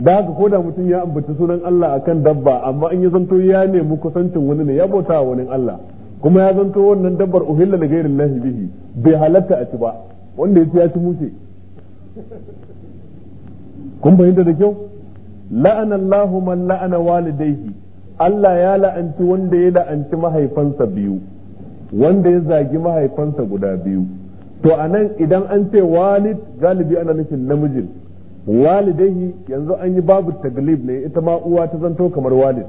da haka ko da mutum ya ambaci sunan Allah akan dabba amma in ya zanto ya nemi kusancin wani ne ya bauta wa wani Allah kuma ya zanto wannan dabbar uhilla da gairin lahi bihi bai halatta a ci ba wanda ya ci ya ci mushe kun fahimta da kyau la'ana Allahu man la'ana walidaihi Allah ya la'anci wanda ya la'anci mahaifansa biyu wanda ya zagi mahaifansa guda biyu to anan idan an ce walid galibi ana nufin namijin Walidai yanzu an yi babu taglib ne ita ma uwa ta zanto kamar walid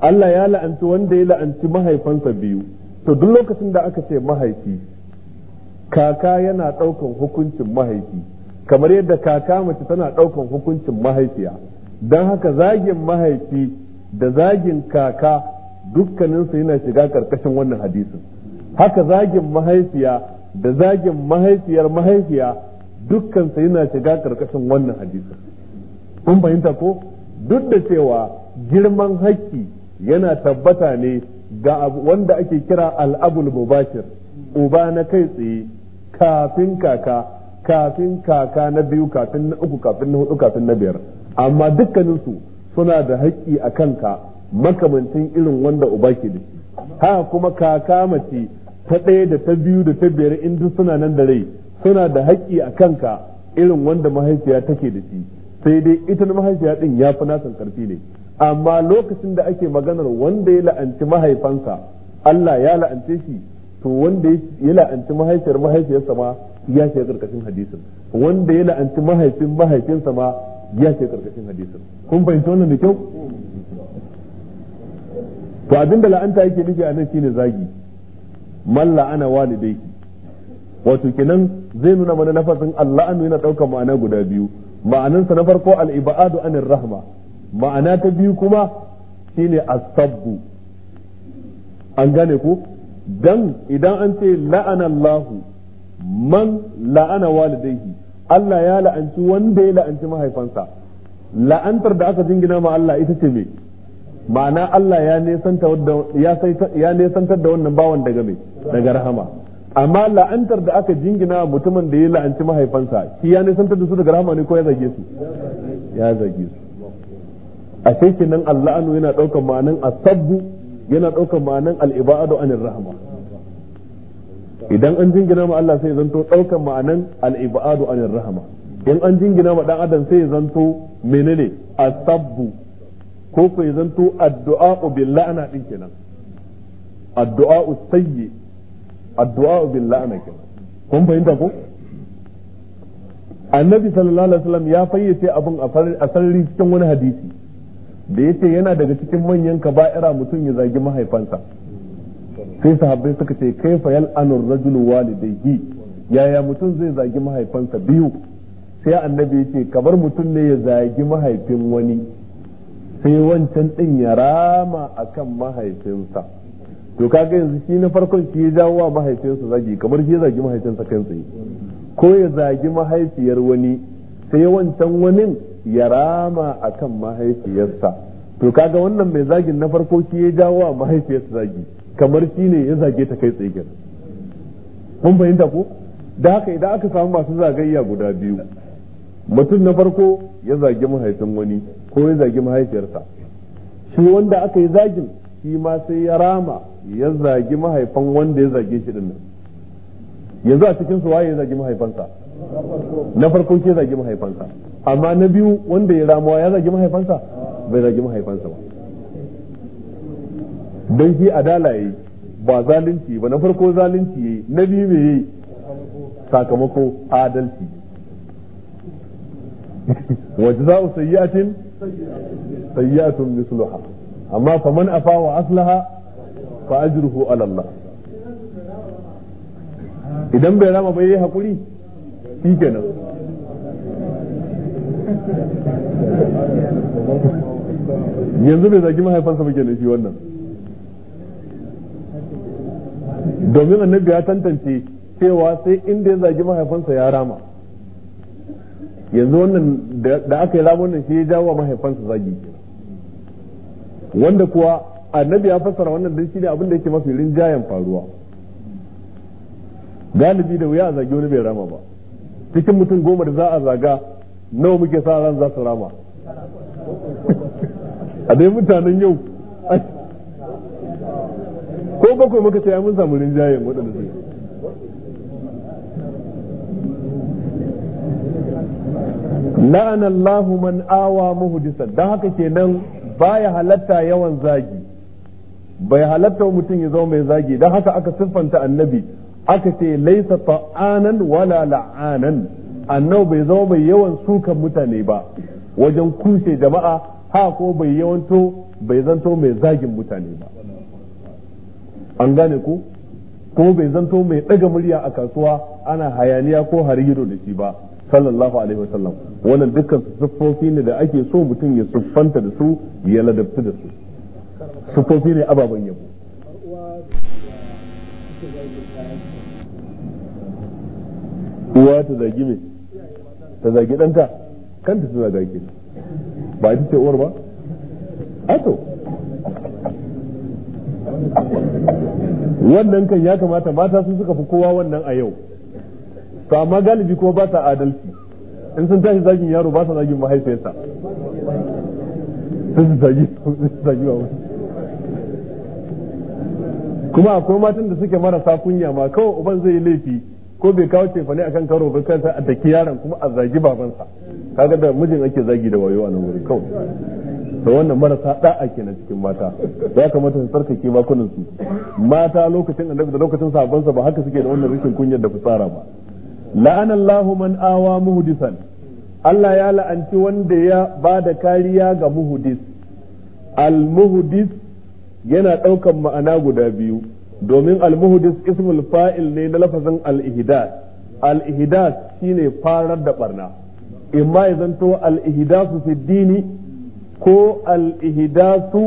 Allah ya la'anci wanda ya la'anci mahaifansa biyu to duk lokacin da aka ce mahaifi kaka yana ɗaukan hukuncin mahaifi kamar yadda kaka mace tana ɗaukan hukuncin mahaifiya don haka zagin mahaifi da zagin kaka dukkaninsu yana shiga karkashin wannan hadisin haka zagin mahaifiya da zagin mahaifiyar mahaifiya dukkan yana shiga karkashin wannan hadisi kun fahimta ko duk da cewa girman haƙƙi yana tabbata ne ga wanda ake kira al'abul mubashir uba na kai tsaye kafin kaka kafin kaka na biyu kafin na uku kafin na hudu kafin na biyar amma dukkaninsu suna da haƙƙi a kanka makamancin irin wanda uba ke da ha kuma kaka mace ta ɗaya da ta biyu da ta biyar in duk suna nan da rai suna da haƙƙi a kanka irin wanda mahaifiya take da shi sai dai ita na mahaifiya din ya fi nasan karfi ne amma lokacin da ake maganar wanda ya la'anci mahaifansa Allah ya la'ance shi to wanda ya la'anci mahaifiyar mahaifiyarsa ma ya shiga karkashin hadisin wanda ya la'anci mahaifin mahaifinsa ma ya shiga karkashin hadisin kun fahimci wannan da kyau to abinda la'anta yake nufi a nan shine zagi man la'ana walidayki wato kenan zai nuna mana nafasin alla'anu yana ɗaukar ma'ana guda biyu ma'anansa na farko al-ibadu anir rahma ma'ana ta biyu kuma shine as-sabbu an gane ku dan idan an ce la'ana Allah man la'ana walidaihi Allah ya la'anci wanda ya la'anci mahaifansa la'antar da aka jingina ma Allah ita ce me ma'ana Allah ya nesantar da wannan bawan daga me daga rahama amma la'antar da aka jingina mutumin da ya la'anci mahaifansa shi ya nisantar da su daga rahama ne ko ya zage su ya zage su a sai kenan alla'anu yana ma'anin ma'anan asabbu yana ɗaukar ma'anan al'ibadu anir rahama idan an jingina ma Allah sai zanto ɗaukar ma'anan al'ibadu anir rahama in an jingina ma dan adam sai zanto menene asabbu ko ko zanto addu'a bil la'ana din kenan addu'a sayyi addu'a bil la'na kenan kun fahimta ko annabi sallallahu alaihi wasallam ya fayyace abin a sarari cikin wani hadisi da yace yana daga cikin manyan kaba'ira mutum ya zagi mahaifansa sai sahabbai suka ce kaifa yal'anu rajulu walidayhi yaya mutum zai zagi mahaifansa biyu sai annabi yace kabar mutum ne ya zagi mahaifin wani sai wancan din ya rama akan mahaifinsa to kaga yanzu shi na farkon shi ya jawo wa mahaifinsa zagi kamar shi ya zagi mahaifinsa kan tsaye ko ya zagi mahaifiyar wani sai wancan wani ya rama akan mahaifiyarsa to kaga wannan mai zagin na farko shi ya jawo wa mahaifiyarsa zagi kamar shi ne ya zage ta kai tsaye kenan kun fahimta ko da haka idan aka samu masu zagayya guda biyu mutum na farko ya zagi mahaifin wani ko ya zagi mahaifiyarsa shi wanda aka yi zagin shi ma sai ya rama ya zagi mahaifan wanda ya zage shi dinnan yanzu a cikin su waye ya zagi mahaifansa na farko ke zagi mahaifansa amma na biyu wanda ya ramuwa ya zagi mahaifansa bai zagi mahaifansa ba don shi adala yayi ba zalunci ba na farko zalunci yayi na biyu mai yi sakamako adalci wa jazaa'u sayyi'atin sayyi'atun misluha amma faman afa wa aslaha fa ajruhu ala Allah idan bai rama bai yi hakuri shikenan yanzu bai zagi mahaifansa ba kenan shi wannan domin annabi ya tantance cewa sai inda ya zagi mahaifansa ya rama yanzu wannan da aka yi ramon nan shi ya jawo mahaifansa zagi kenan wanda kuwa annabi ya fassara wannan dan shine abin da yake mafi rinjayen faruwa galibi da wuya a zage wani bai rama ba cikin mutum goma da za a zaga nawa muke sa ran za su rama a dai mutanen yau ko bakwai muka ce ya mun samu rinjayen waɗanda su la'ana man awa muhdisan dan haka kenan baya halatta yawan zagi bai halatta mutum ya zama mai zagi don haka aka siffanta annabi aka ce laisa ta'anan wala la'anan annabi bai zama mai yawan sukan mutane ba wajen kushe jama'a ha ko bai yawanto bai zanto mai zagin mutane ba an gane ko ko bai zanto mai ɗaga murya a kasuwa ana hayaniya ko harido da shi ba sallallahu alaihi wasallam wannan dukkan siffofi ne da ake so mutum ya siffanta da su ya ladabtu da su siffofi ne ababen yabo uwa ta zagi me ta zagi ɗanta kanta ta zagi ba ita ce uwar ba ato wannan kan ya kamata mata su suka fi kowa wannan a yau to amma galibi kuma ba ta adalci in sun tashi zagin yaro ba sa zagin mahaifiyarsa sun zagi zagi kuma akwai matan da suke marasa kunya ma kawai uban zai yi laifi ko bai kawo cefa a akan karo ba kansa a daki yaron kuma a zagi babansa kaga da mijin ake zagi da wayo a nan wuri kawai da wannan marasa da'a kenan cikin mata ya kamata su tsarkake bakunan su mata lokacin annabi da lokacin sahabbansa ba haka suke da wannan rikin kunyar da fitsara ba la'ana Allahu man awa muhdisan Allah ya la'anci wanda ya ba da kariya ga muhdis al muhdis yana ɗaukan ma'ana guda biyu domin al muhdis ismul fa'il ne na lafazin al ihdas al ihdas shine farar da barna imma ya to al ihdasu fi dini ko al ihdasu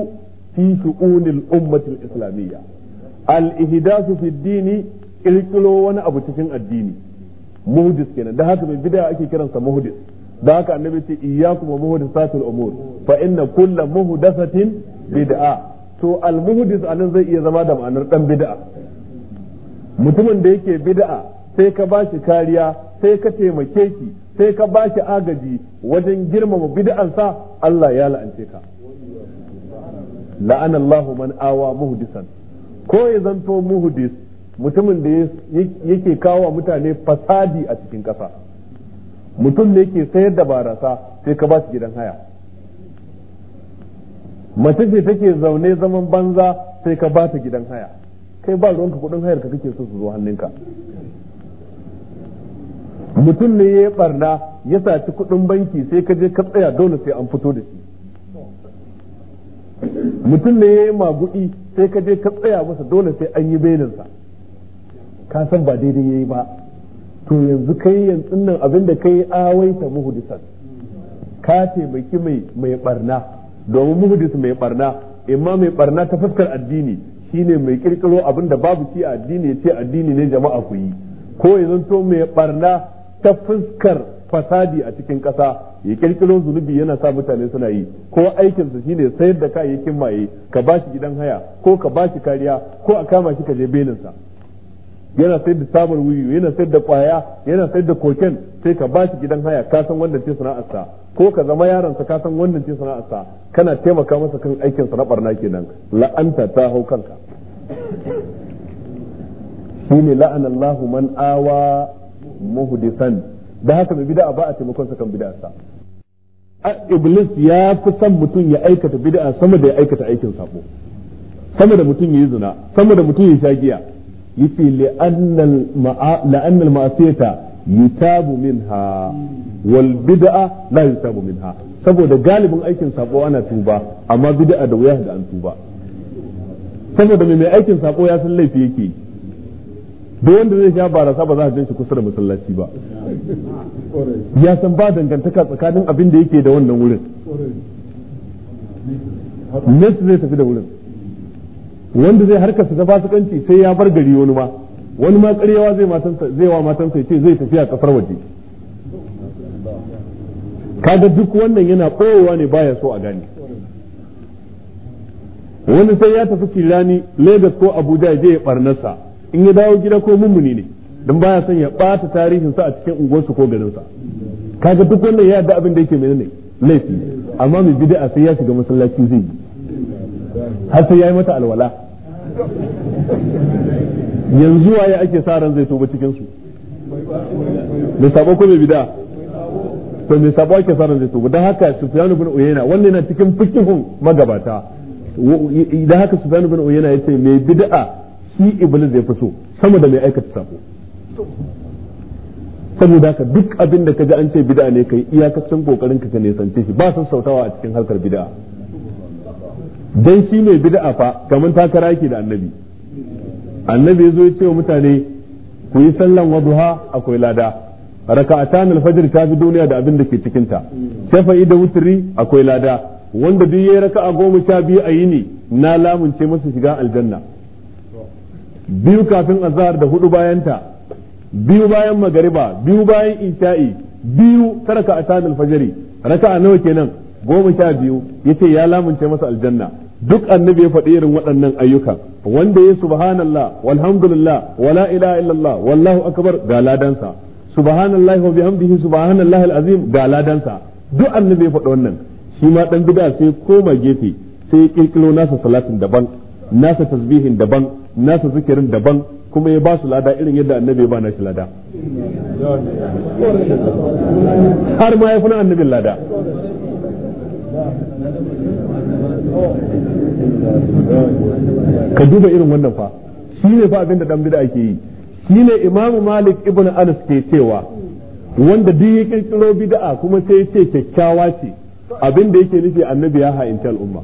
fi shu'unil ummatil islamiyya al ihdasu fi dini kirkiro wani abu cikin addini muhdis kenan da haka mai bid'a ake kiransa muhdis da haka annabi ce iyyakum muhdisatul muhdisatil umur fa inna kullu muhdathatin bid'a to al muhdis anan zai iya zama da ma'anar dan bid'a mutumin da yake bid'a sai ka bashi kariya sai ka taimake shi sai ka bashi agaji wajen girmama sa Allah ya la'ance ka la'anallahu man awa muhdisan ko ya zanto muhdis mutumin da yake kawo wa mutane fasadi a cikin ƙasa mutum ne ke sayar da barasa sai ka ba su gidan haya mace ce take zaune zaman banza sai ka ba ta gidan haya kai ba ruwanka kudin hayar ka kake so su zo hannunka mutum ne ya yi barna ya saci kudin banki sai ka je ka tsaya dole sai an fito da shi mutum ne ya yi magudi sai ka je ka tsaya masa dole sai an yi belinsa ka san ba daidai yayi ba to yanzu kai yanzu nan abin da kai awaita muhdisan ka taimaki mai mai barna domin muhudis mai barna imma mai barna ta fuskar addini shine mai kirkiro abin da babu shi a addini ya ce addini ne jama'a ku yi ko ya to mai barna ta fuskar fasadi a cikin ƙasa ya kirkiro zunubi yana sa mutane suna yi ko aikinsa shine sayar da kayayyakin maye ka bashi gidan haya ko ka bashi kariya ko a kama shi ka je sa. yana sayar da sabar wuri yana sayar da kwaya yana sayar da koken sai ka bashi gidan haya ka san wannan ce sa ko ka zama yaron sa ka san wannan ce sa kana taimaka masa kan aikin sa na barna kenan la'anta ta hau kanka shine la'anallahu man awa muhdisan da haka mai bid'a ba a taimakon sa kan A iblis ya fi san mutum ya aikata bid'a sama da ya aikata aikin sabo sama da mutum ya yi zina sama da mutum ya sha giya yace la'annal ma'asiyata yutabu minha wal bid'a la yutabu minha saboda galibin aikin sako ana tuba amma bid'a da wuya da an tuba saboda mai aikin sako ya san laifi yake duk wanda zai sha barasa ba za a ganshi kusa da masallaci ba ya san ba dangantaka tsakanin abin da yake da wannan wurin nes zai tafi da wurin wanda zai harkarsa ta fasikanci sai ya bar gari wani ma wani ma karyawa zai wa matansa ce zai tafiya kasar waje kaga duk wannan yana koyowa ne baya so a gani wani sai ya tafi kirani Lagos ko Abuja je ya barnarsa in ya dawo gida ko mummuni ne dan baya son ya ɓata tarihin sa a cikin unguwarsu ko garin kaga duk wannan ya da abin da yake menene laifi amma mai bid'a sai ya shiga masallaci zai yi har sai yayi mata alwala yanzu waye ake sa ran zai tuba cikin su mai sabo ko mai bid'a to mai sabo ake sa ran zai tuba dan haka Sufyan ibn Uyayna wannan na cikin fikihun magabata idan haka Sufyan ibn Uyayna yace mai bid'a shi iblis zai fito sama da mai aikata sabo saboda haka duk abin da ka je an ce bid'a ne kai iyakacin kokarin ka ka nesance shi ba san sautawa a cikin harkar bid'a dan shi mai bid'a fa kamar takara yake da annabi annabi ya zo ya ce wa mutane ku yi sallan wadduha akwai lada raka'atan alfajr ta fi duniya da abin da ke cikin ta shafa'i da wutri akwai lada wanda duk yayi raka'a goma sha biyu a yini na lamunce masa shiga aljanna biyu kafin azhar da hudu bayan ta biyu bayan magariba biyu bayan isha'i biyu taraka atan alfajri raka'a nawa kenan goma sha biyu ya ce ya lamunce masa aljanna duk annabi ya faɗi irin waɗannan ayyuka wanda ya subhanallah walhamdulillah wala ilaha illallah wallahu akbar ga ladansa subhanallahi wa bihamdihi subhanallahi alazim ga ladansa duk annabi ya faɗi wannan shi ma dan bid'a sai koma gefe sai ya kirkiro nasa salatin daban nasa tasbihin daban nasa zikirin daban kuma ya ba su lada irin yadda annabi ba na shi lada har ma ya fi annabin lada ka duba irin wannan fa shi ne fa abinda dan bid'a ke yi shi ne imam malik ibn anas ke cewa wanda duk ya kirkiro bid'a kuma sai ya ce kyakkyawa ce abinda yake nufi annabi ya ha'inci al'umma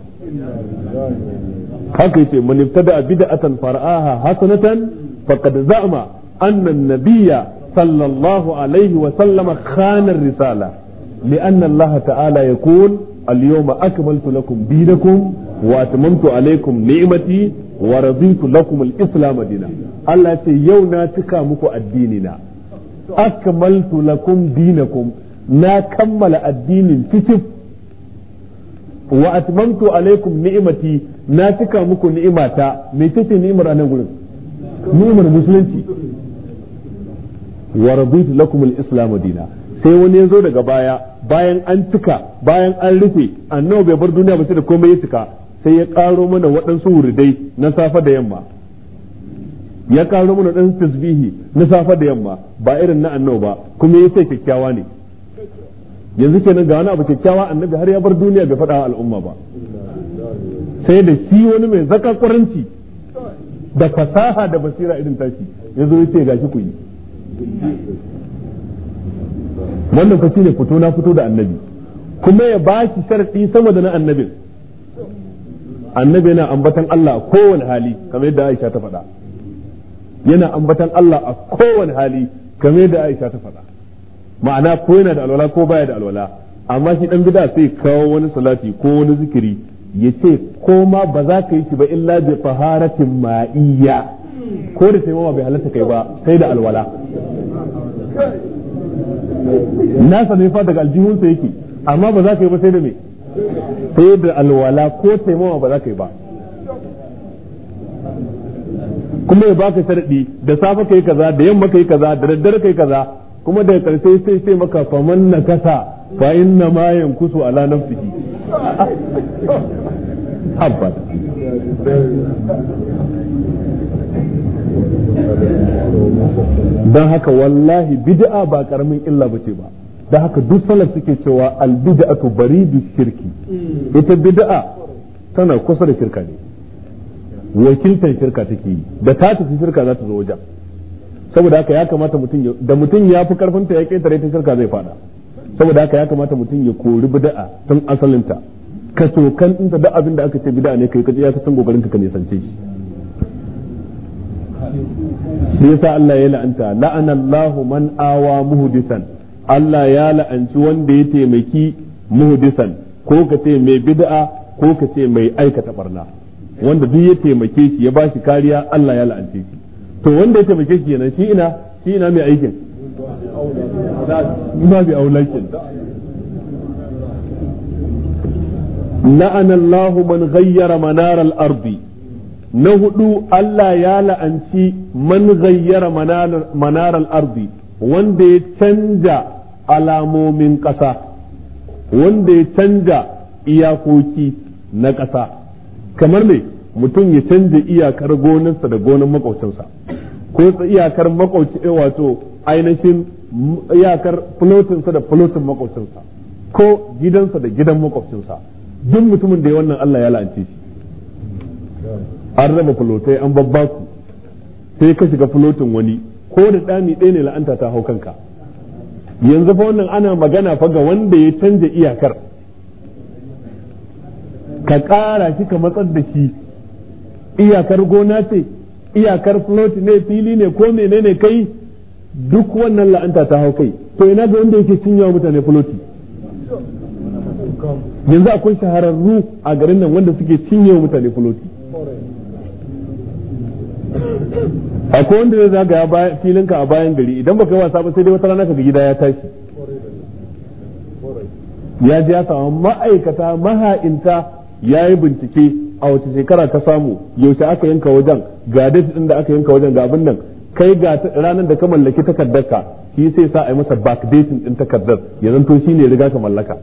haka yace man ibtada bid'atan far'aha hasanatan faqad za'ama anna an-nabiyya sallallahu alaihi wa sallama khana ar-risala لأن الله ta'ala يقول al-yawma akmaltu lakum dinakum wa atmamtu alaykum ni'mati wa raditu lakum al-islam dinan Allah ce yau na cika muku addini na akmaltu lakum dinakum na kammala addinin fitif wa atmamtu alaykum na cika muku ni'imata me tace ni'imar gurin ni'imar musulunci sai wani ya zo daga baya bayan an cika bayan an rufe annabi bai bar duniya ba sai da komai ya cika sai ya karo mana waɗansu wuridai na safa da yamma ya karo mana dan tasbihi na safa da yamma ba irin na annabi ba kuma ya sai kyakkyawa ne yanzu kenan ga wani abu kyakkyawa annabi har ya bar duniya bai faɗa al'umma ba sai da shi wani mai zakakuranci da fasaha da basira irin tashi ya zo ya ce gashi ku yi wannan fa shine fito na fito da annabi kuma ya baki sharadi sama da na annabin annabi yana ambatan Allah a kowane hali kamar yadda Aisha ta faɗa yana ambatan Allah a kowane hali kamar yadda Aisha ta faɗa ma'ana ko yana da alwala ko baya da alwala amma shi dan bid'a sai kawo wani salati ko wani zikiri ya ce ko ma ba za ka yi shi ba illa bi taharatin ma'iyya ko da sai ma bai halatta kai ba sai da alwala nasa ne fa daga aljihun sa yake amma ba za ka yi ba sai da me sai da alwala ko taimawa ba za ka yi ba kuma ya baka sharadi da safa kai kaza da yamma kai kaza da daddare kai kaza kuma da karshe sai sai maka faman na kasa fa inna ma yankusu ala nafsihi abba don haka wallahi bid'a ba karamin illa ce ba don haka duk salaf suke cewa al bari baridu shirki ita bid'a tana kusa da shirka ne wakiltar shirka take yi da ta tafi shirka za ta zo wajen saboda haka ya kamata mutum da mutum ya fi karfinta ya ƙetar ta shirka zai fada saboda haka ya kamata mutum ya kori bid'a tun asalinta ka sokan ɗinta da abin da aka ce bid'a ne kai ka ya ka san kokarin ka ka nisance shi shi yasa Allah ya la'anta la'ana Allahu man awa muhdisan Allah ya la'anci wanda ya taimaki muhdisan ko ka ce mai bid'a ko ka ce mai aikata barna wanda duk ya taimake shi ya bashi kariya Allah ya la'ance shi to wanda ya taimake shi kenan shi ina shi ina mai aikin ina bi aulakin la'ana Allahu man ghayyara manar al-ardi na hudu Allah ya la'anci man gayyara manaral ardi wanda ya canja alamomin ƙasa wanda ya canja iyakoki na ƙasa kamar ne mutum ya canja iyakar gonarsa da gonar makwaucinsa ko iyakar makwauci eh, wato ainihin iyakar fulotinsa da fulotin makwaucinsa ko gidansa da gidan makwacinsa duk mutumin da ya wannan Allah ya la'anci shi an raba fulotai an babba ku sai ka shiga fulotin wani ko da dami ɗaya ne la'anta ta hau kanka yanzu fa wannan ana magana fa ga wanda ya canja iyakar ka ƙara shi ka matsar da shi iyakar gona ce iyakar floti ne fili ne ko menene kai duk wannan la'anta ta hau kai to ina ga wanda yake cinyawa mutane floti yanzu akwai shahararru a garin nan wanda suke cinyewa mutane floti a ko wanda zai zagaya ka a bayan gari idan baka yi wasa ba sai dai wata rana ka gida ya tashi ya ji ya samu ma'aikata maha'inta ya yi bincike a wace shekara ka samu yaushe aka yanka wajen ga din da aka yanka wajen ga abin nan kai ga ranar da ka mallaki ka shi sai sa a yi masa dating din takardar ya zanto shi ne riga ka mallaka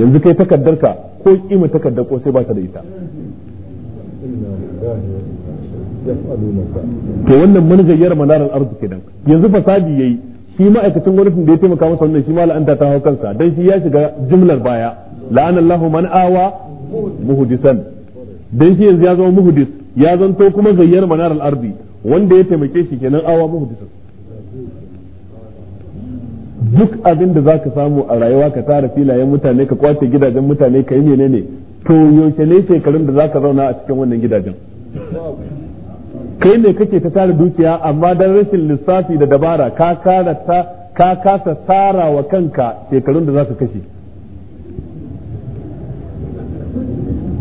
yanzu kai takardar ka ko kima takardar ko sai ba ta da ita to wannan mun gayyar manarar arzu kenan yanzu fasadi yayi shi ma'aikacin gwamnatin da ya taimaka masa wannan shi ma la'anta ta hau kansa dan shi ya shiga jumlar baya la'ana Allahu man awa muhdisan dan shi yanzu ya zama muhdis ya zanto kuma gayyar manarar arbi wanda ya taimake shi kenan awa muhdisan duk abin da zaka samu a rayuwa ka tara filayen mutane ka kwace gidajen mutane ka yi menene to yaushe ne shekarun da zaka zauna a cikin wannan gidajen kai ne kake ta tara dukiya amma dan rashin lissafi da dabara ka kara ta ka kasa tara wa kanka shekarun da za ka kashe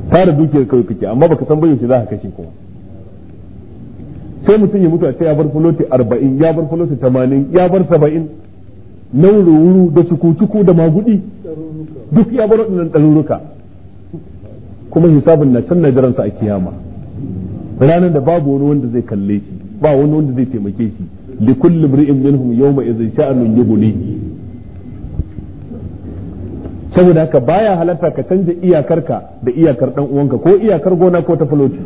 tara dukiyar kawai kake amma baka san bayyana za ka kashe kuma sai mutum ya mutu a ce ya bar fuloti arba'in ya bar fuloti tamanin ya bar saba'in na wuru da sukutuku da magudi duk ya bar waɗannan ɗaruruka kuma hisabin na can na jiransa a kiyama ranar da babu wani wanda zai kalle shi ba wani wanda zai taimake shi li kulli mri'in minhum yawma idhin sha'anun yughni saboda haka baya halatta ka canza iyakarka da iyakar dan uwanka ko iyakar gona ko ta fuloti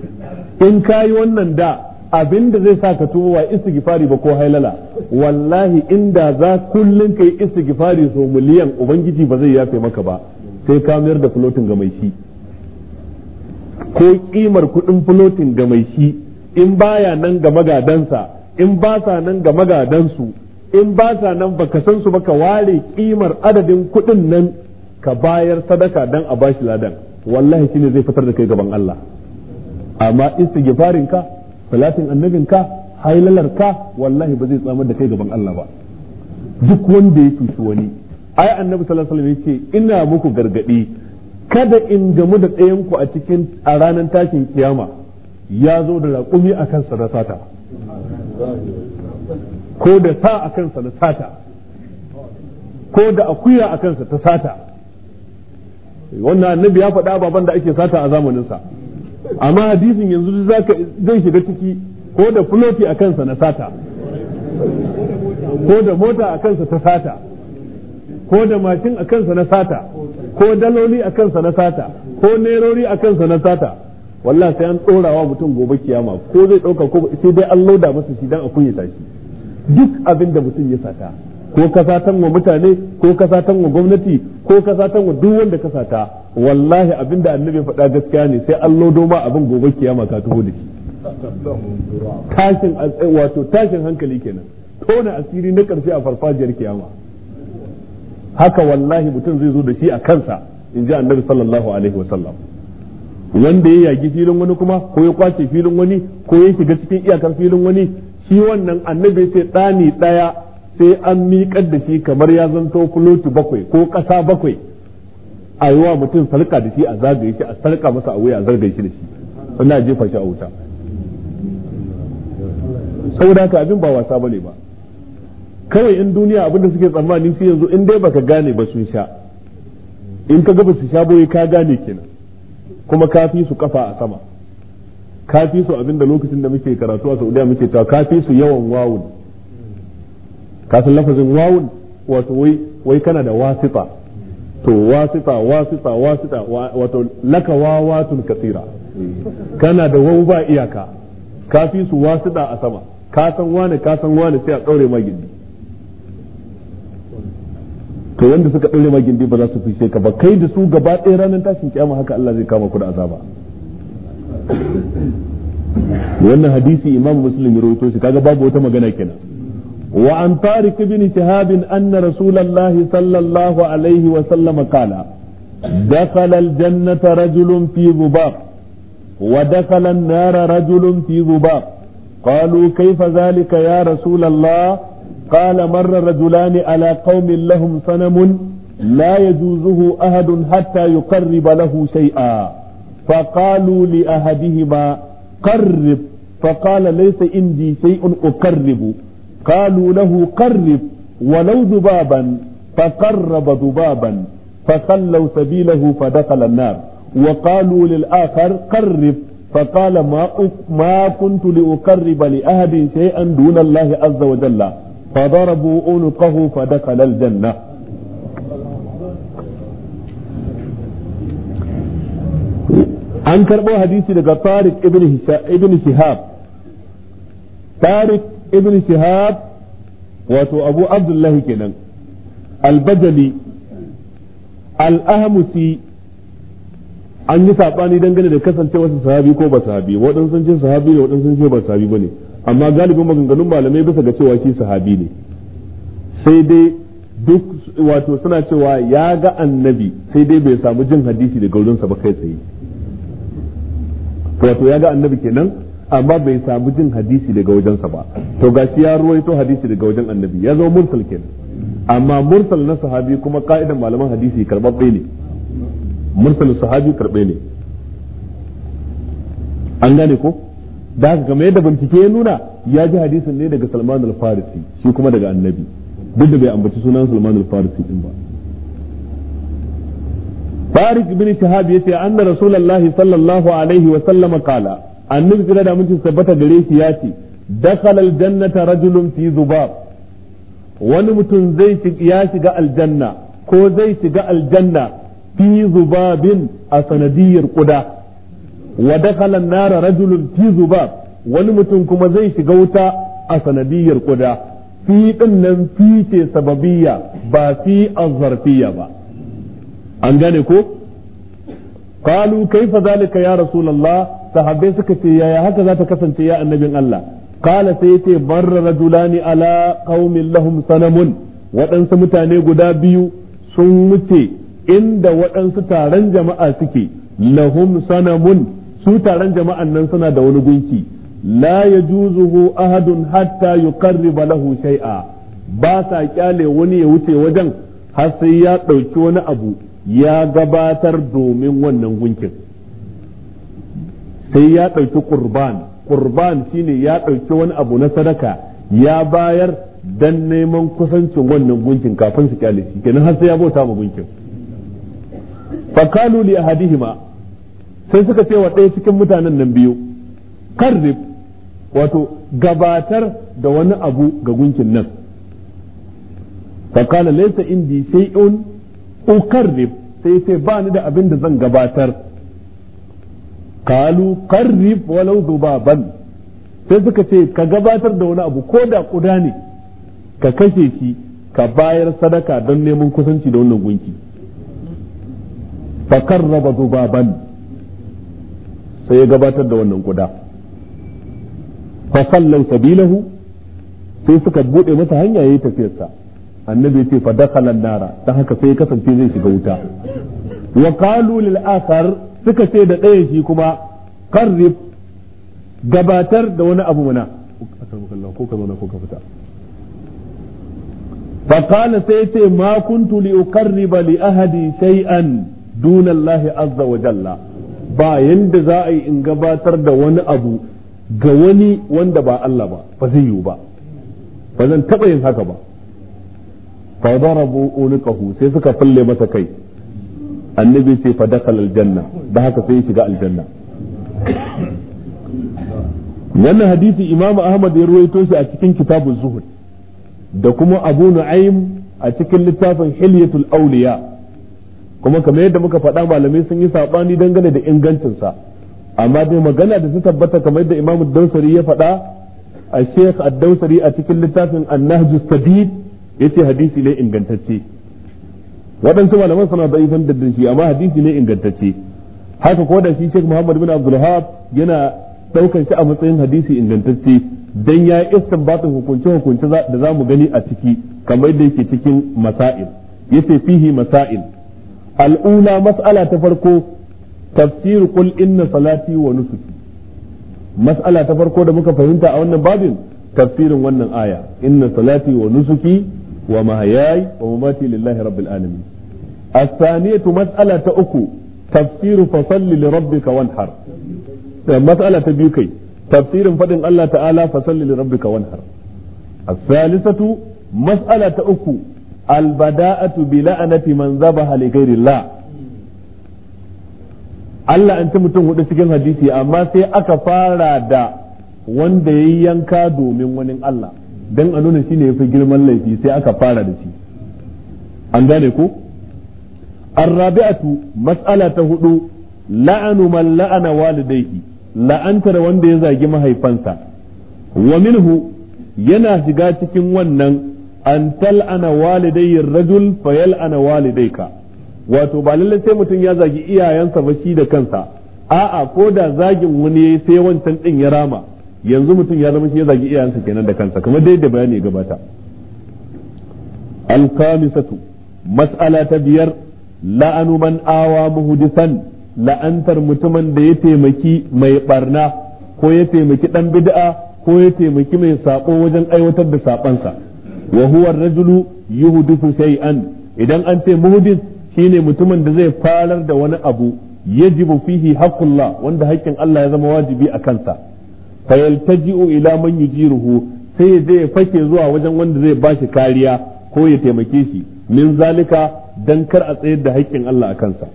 in kayi wannan da abin da zai sa ka tuba wa istighfari ba ko hailala wallahi inda za kullun kai istighfari so miliyan ubangiji ba zai yafe maka ba sai ka mayar da fulotin ga mai shi ko kimar kudin floating ga mai shi in baya nan ga magadansa in ba sa nan ga magadansu in ba sa nan baka san su baka ware kimar adadin kudin nan ka bayar sadaka dan a bashi ladan wallahi shine zai fitar da kai gaban Allah amma istighfarin ka salatin annabin ka hailalar ka wallahi ba zai tsamar da kai gaban Allah ba duk wanda ya cuci wani ai annabi sallallahu alaihi wasallam yace ina muku gargadi kada in gamu da ɗayanku a cikin a ranar tashin kiyama ya zo da raƙumi a kansa na sata ko da sa a kansa na sata ko da akuya a kansa ta sata wannan annabi ya faɗa baban da ake sata a zamaninsa amma hadisin yanzu zai shiga ciki ko da fuloti a kansa na sata ko da mota a kansa ta sata ko da mashin a kansa na sata ko daloli a kansa na sata ko nerori a kansa na sata wallah sai an tsorawa mutum gobe kiyama ko zai ɗauka ko sai dai an loda masa shi dan a kunyata shi duk abin da mutum ya sata ko ka satan wa mutane ko ka satan wa gwamnati ko ka satan wa duk wanda ka sata wallahi abin da annabi faɗa gaskiya ne sai an lodo ma abin gobe kiyama ka taho da shi tashin eh, wato tashin hankali kenan tona asiri na karshe a farfajiyar kiyama haka wallahi mutum zai zo da shi a kansa in ji annabi sallallahu alaihi wasallam wanda ya yagi filin wani kuma ko ya kwace filin wani ko ya shiga cikin iyakar filin wani shi wannan annabi sai ɗani ɗaya sai an miƙar da shi kamar ya zanto kuloti bakwai ko ƙasa bakwai a yi wa mutum sarƙa da shi a zagaye shi a sarƙa masa a wuya a zargaye shi da shi sannan a jefa shi a wuta saboda haka abin ba wasa bane ba kawai in duniya abinda suke tsammani su yanzu in dai baka gane ba sun sha in ka gaba su sha boye ka gane kenan kuma ka fi su kafa a sama ka fi su abinda lokacin da muke karatu a Saudiya muke ta ka fi su yawan wawun ka san lafazin wawun wato wai wai kana da wasita to wasita wasita wasita wato laka wawatun katira kana da wawu ba iyaka ka fi su wasita a sama ka san wane ka san wane sai a daure magidi to wanda suka ɗaure ma gindi ba za su fishe ka ba kai da su gaba ɗaya ranar tashin kyama haka Allah zai kama ku da azaba wannan hadisi imamu muslim ya rawaito shi kaga babu wata magana kenan wa an tariq ibn shihab anna rasulullahi sallallahu alaihi wa sallam qala dakhala jannata rajulun fi dhubab wa dakhala an-nara rajulun fi dhubab qalu kayfa dhalika ya rasulullah قال مر رجلان على قوم لهم صنم لا يجوزه أحد حتى يقرب له شيئا فقالوا لأحدهما قرب فقال ليس عندي شيء أقرب قالوا له قرب ولو ذبابا فقرب ذبابا فخلوا سبيله فدخل النار وقالوا للآخر قرب فقال ما ما كنت لأقرب لأحد شيئا دون الله عز وجل فضربوا عنقه فدخل الجنة an karɓo hadisi daga Tariq ibn Shihab Tariq ibn Shihab wato Abu Abdullahi kenan Al-Bajali Al-Ahmusi an yi saɓani dangane da kasance wasu sahabi ko ba sahabi waɗansu sun ce sahabi ne waɗansu sun ce ba sahabi ba ne amma galibin maganganun malamai bisa ga cewa shi sahabi ne sai dai duk wato suna cewa ya ga annabi sai dai bai samu jin hadisi daga wurinsa ba kai tsaye wato ya ga annabi kenan amma bai samu jin hadisi daga wajensa ba to gashi ya ruwaito hadisi daga wajen annabi ya zama mursal kenan amma mursal na sahabi kuma ka'idan malaman hadisi karbabbe ne mursal sahabi karbe ne an gane ko da haka kamar yadda bincike ya nuna ya ji hadisin ne daga Salman al-Farisi shi kuma daga Annabi duk da bai ambaci sunan Salman al-Farisi din ba Farid bin Shahab yace anna Rasulullahi sallallahu alaihi wa sallam qala annabi jira da mun tabbata gare shi yace dakhala al-jannata rajulun fi zubab wani mutum zai ya shiga aljanna ko zai shiga aljanna fi zubabin a sanadiyar kuda wa dakhala nara rajulun fi zubab wani mutum kuma zai shiga wuta a sanadiyar kuda fi din nan fi ce sababiyya ba fi azarfiyya ba an gane ko qalu kaifa zalika ya rasulullah sahabbai suka ce yaya haka za ta kasance ya annabin Allah qala sai yace barra rajulani ala qaumin lahum sanamun waɗansu mutane guda biyu sun wuce inda waɗansu taron jama'a suke lahum sanamun su taron jama'an nan suna da wani gunki la yajuzuhu ahadun hatta yuqarriba lahu shay'a ba sa kyale wani ya wuce wajen har sai ya ɗauki wani abu ya gabatar domin wannan gunkin sai ya ɗauki kurban kurban shine ya ɗauki wani abu na sadaka ya bayar dan neman kusancin wannan gunkin kafin su kyale shi kenan har sai ya bauta ma gunkin fakalu li ahadihima sai suka ce wa ɗaya cikin mutanen nan biyu karrib wato gabatar da wani abu ga gunkin nan fakala laysa indi shay'un ukarrib sai sai ba ni da abin da zan gabatar kalu karrib walau dubaban sai suka ce ka gabatar da wani abu ko da kuda ne ka kashe shi ka bayar sadaka don neman kusanci da wannan gunki fakarraba zubaban sai ya gabatar da wannan guda fa sallan sabilahu sai suka bude masa hanya yayi tafiyarsa annabi ce fa dakhala nara ta haka sai ya kasance zai shiga wuta wa qalu lil akhar suka ce da ɗayan shi kuma qarrib gabatar da wani abu mana ko ka ko ka fita ma kuntu li uqarriba li ahadi shay'an dunallahi azza wa jalla ba yadda za a yi in gabatar da wani abu ga wani wanda ba Allah ba ba zai yiwu ba ba zan taɓa yin haka ba fa darabu ulqahu sai suka falle masa kai annabi ce fa dakal aljanna Ba haka sai ya shiga aljanna wannan hadisi imamu ahmad ya ruwaito shi a cikin kitabun zuhud da kuma abu nu'aym a cikin littafin hilyatul awliya kuma kamar yadda muka faɗa malamai sun yi saɓani dangane da ingancinsa amma dai magana da su tabbata kamar yadda imam dausari ya faɗa a sheikh ad-dausari a cikin littafin an-nahjus sadid yace hadisi ne ingantacce waɗansu malaman suna da'ifan da shi amma hadisi ne ingantacce haka ko da shi sheikh muhammad bin abdul yana ɗaukan shi a matsayin hadisi ingantacce dan ya istinbatin hukunce hukunce da zamu gani a ciki kamar yadda yake cikin masail yace fihi masail al'ula mas'ala ta farko tafsir inna salati wa nusuki mas'ala ta farko da muka fahimta a wannan babin tafsirin wannan aya inna salati wa nusuki wa mahayai wa mamati lillahi rabbil alamin as-saniyatu mas'ala ta uku tafsir fasalli li rabbika wanhar eh, mas'ala ta biyu kai tafsirin fadin Allah ta'ala fasalli li rabbika wanhar as-salisatu mas'ala ta uku albada'atu bi la'anati man zabaha li Allah an ta mutum hudu cikin hadisi amma sai aka fara da wanda ya yanka domin wani Allah don a nuna shine yafi girman laifi sai aka fara da shi an gane ko arrabi'atu mas'ala ta hudu la'anu man la'ana walidayhi la'antar wanda ya zagi mahaifansa wa minhu yana shiga cikin wannan an tal'ana walidayir rajul fa yal'ana walidayka wato ba lallai sai mutum ya zagi iyayensa ba shi da kansa a'a ko da zagin wani yayi sai wancan din ya rama yanzu mutum ya zama shi ya zagi iyayensa kenan da kansa kamar dai da bayani gabata al-khamisatu mas'ala ta biyar la'anu man awa muhdisan la'antar mutumin da ya taimaki mai barna ko ya taimaki dan bid'a ko ya taimaki mai sako wajen aiwatar da sabansa wa huwa ar-rajulu yuhdithu shay'an idan an ce muhdith shine mutumin da zai farar da wani abu yajibu fihi haqqullah wanda haƙƙin Allah ya zama wajibi a kansa fa yaltaji'u ila man yujiruhu sai zai fake zuwa wajen wanda zai bashi kariya ko ya taimake shi min zalika dan kar a tsayar da haƙƙin Allah a kansa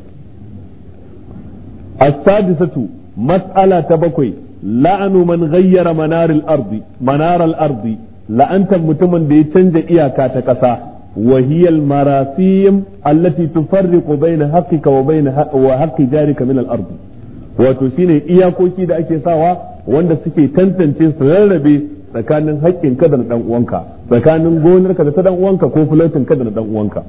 as-sadisatu mas'ala ta bakwai la'anu man ghayyara manar al-ardi manar al-ardi la'antar mutumin da ya canja iyaka ta ƙasa wahiyal marasiyim allati tufarriqu bayna haqqika wa baina wa haqqi jarika min al-ard wato shine iyakoki da ake sawa wanda suke tantance su rarrabe tsakanin haƙƙin ka da na dan uwanka tsakanin gonar ka da ta dan uwanka ko fulatin ka da na dan uwanka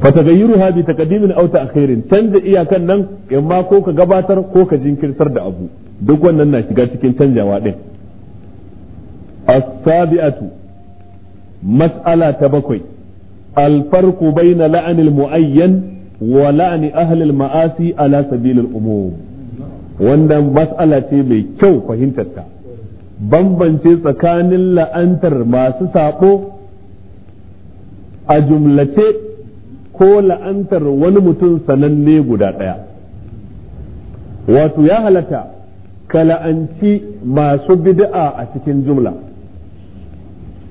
fatagayyuruha hadi taqdimin aw ta'khirin canza iyakan nan imma ko ka gabatar ko ka jinkirtar da abu duk wannan na shiga cikin canjawa din as-sabi'atu mas'ala ta bakwai alfarku bai na la'n muayyan wa la'ani ahli maasi ala sabil al-umum wannan mas'ala ce mai kyau fahimtarta bambance tsakanin la'antar masu saɓo a jumlace ko la'antar wani mutum sananne guda ɗaya wato ya halatta ka la'anci masu bid'a a cikin jumla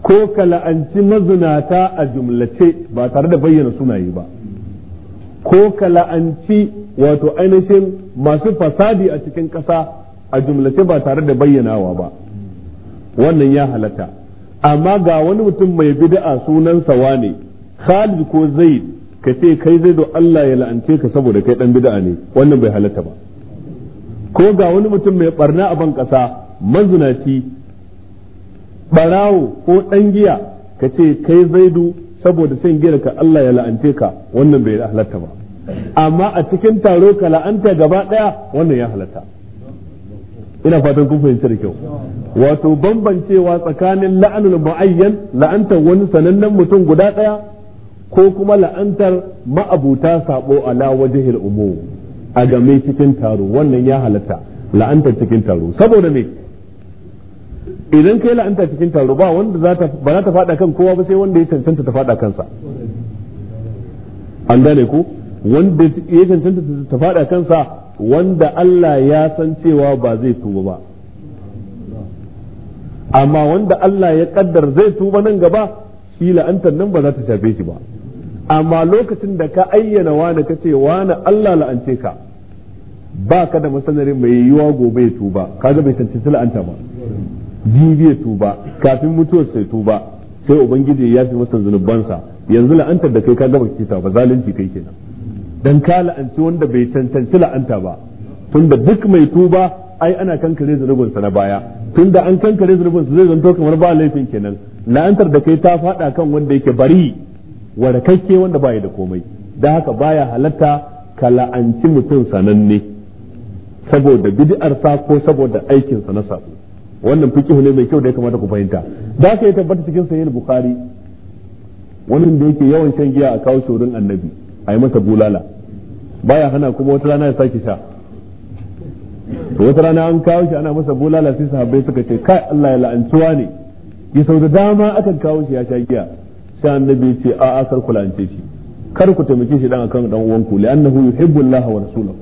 ko ka la'anci mazunata a jumlace ba tare da bayyana sunaye ba ko ka la'anci wato ainihin masu fasadi a cikin ƙasa a jumlace ba tare da bayyanawa ba wannan ya halatta amma ga wani mutum mai bid'a sunansa wane Khalid ko Zaid ka ce kai zai do Allah ya la'ance ka saboda kai dan bid'a ne wannan bai halatta ba ko ga wani mutum mai barna a ban ƙasa mazunaci barawo ko dan giya ka ce kai zaidu saboda san giyar ka Allah ya la'ante ka wannan bai halatta ba amma a cikin taro ka la'anta gaba daya wannan ya halatta ina fatan kun fahimci da kyau wato bambancewa tsakanin la'anul mu'ayyan la'antar wani sanannen mutum guda daya ko kuma la'antar ma'abuta sabo ala wajhil umum a game cikin taro wannan ya halatta la'antar cikin taro saboda me idan kai la'anta cikin taro ba wanda za ta ba za ta fada kan kowa ba sai wanda ya cancanta ta fada kansa an gane ku? wanda ya cancanta ta fada kansa wanda Allah ya san cewa ba zai tuba ba amma wanda Allah ya kaddar zai tuba nan gaba shi la'antar nan ba za ta shafe shi ba amma lokacin da ka ayyana wani ka ce wani Allah la'ance ka ba ka da masanarin mai yiwuwa gobe ya tuba kaga bai cancanci la'anta ba Jibiya tuba kafin mutuwar sai tuba sai ubangiji ya fi masa zunubansa yanzu la'antar da kai ka gaba kita ba zalunci kai kenan dan ka la'anci wanda bai cancanci la'anta ba tunda duk mai tuba ai ana kankare sa na baya tunda an kankare sa zai zanto kamar ba laifin kenan la'antar da kai ta fada kan wanda yake bari warakakke wanda baya da komai da haka baya halatta ka la'anci mutum sananne saboda sa ko saboda aikinsa na sabo wannan fikihu ne mai kyau da ya kamata ku fahimta da ka yi tabbata cikin sahih bukhari wannan da yake yawan shan giya a kawo shorin annabi a yi masa bulala baya hana kuma wata rana ya sake sha to wata rana an kawo shi ana masa bulala sai sahabbai suka ce kai Allah ya la'antuwa ne ya sau da dama aka kawo shi ya sha giya sai annabi ya ce a a kar ku la'ance shi kar ku taimake shi dan akan dan ku li'annahu yuhibbu Allah wa rasulahu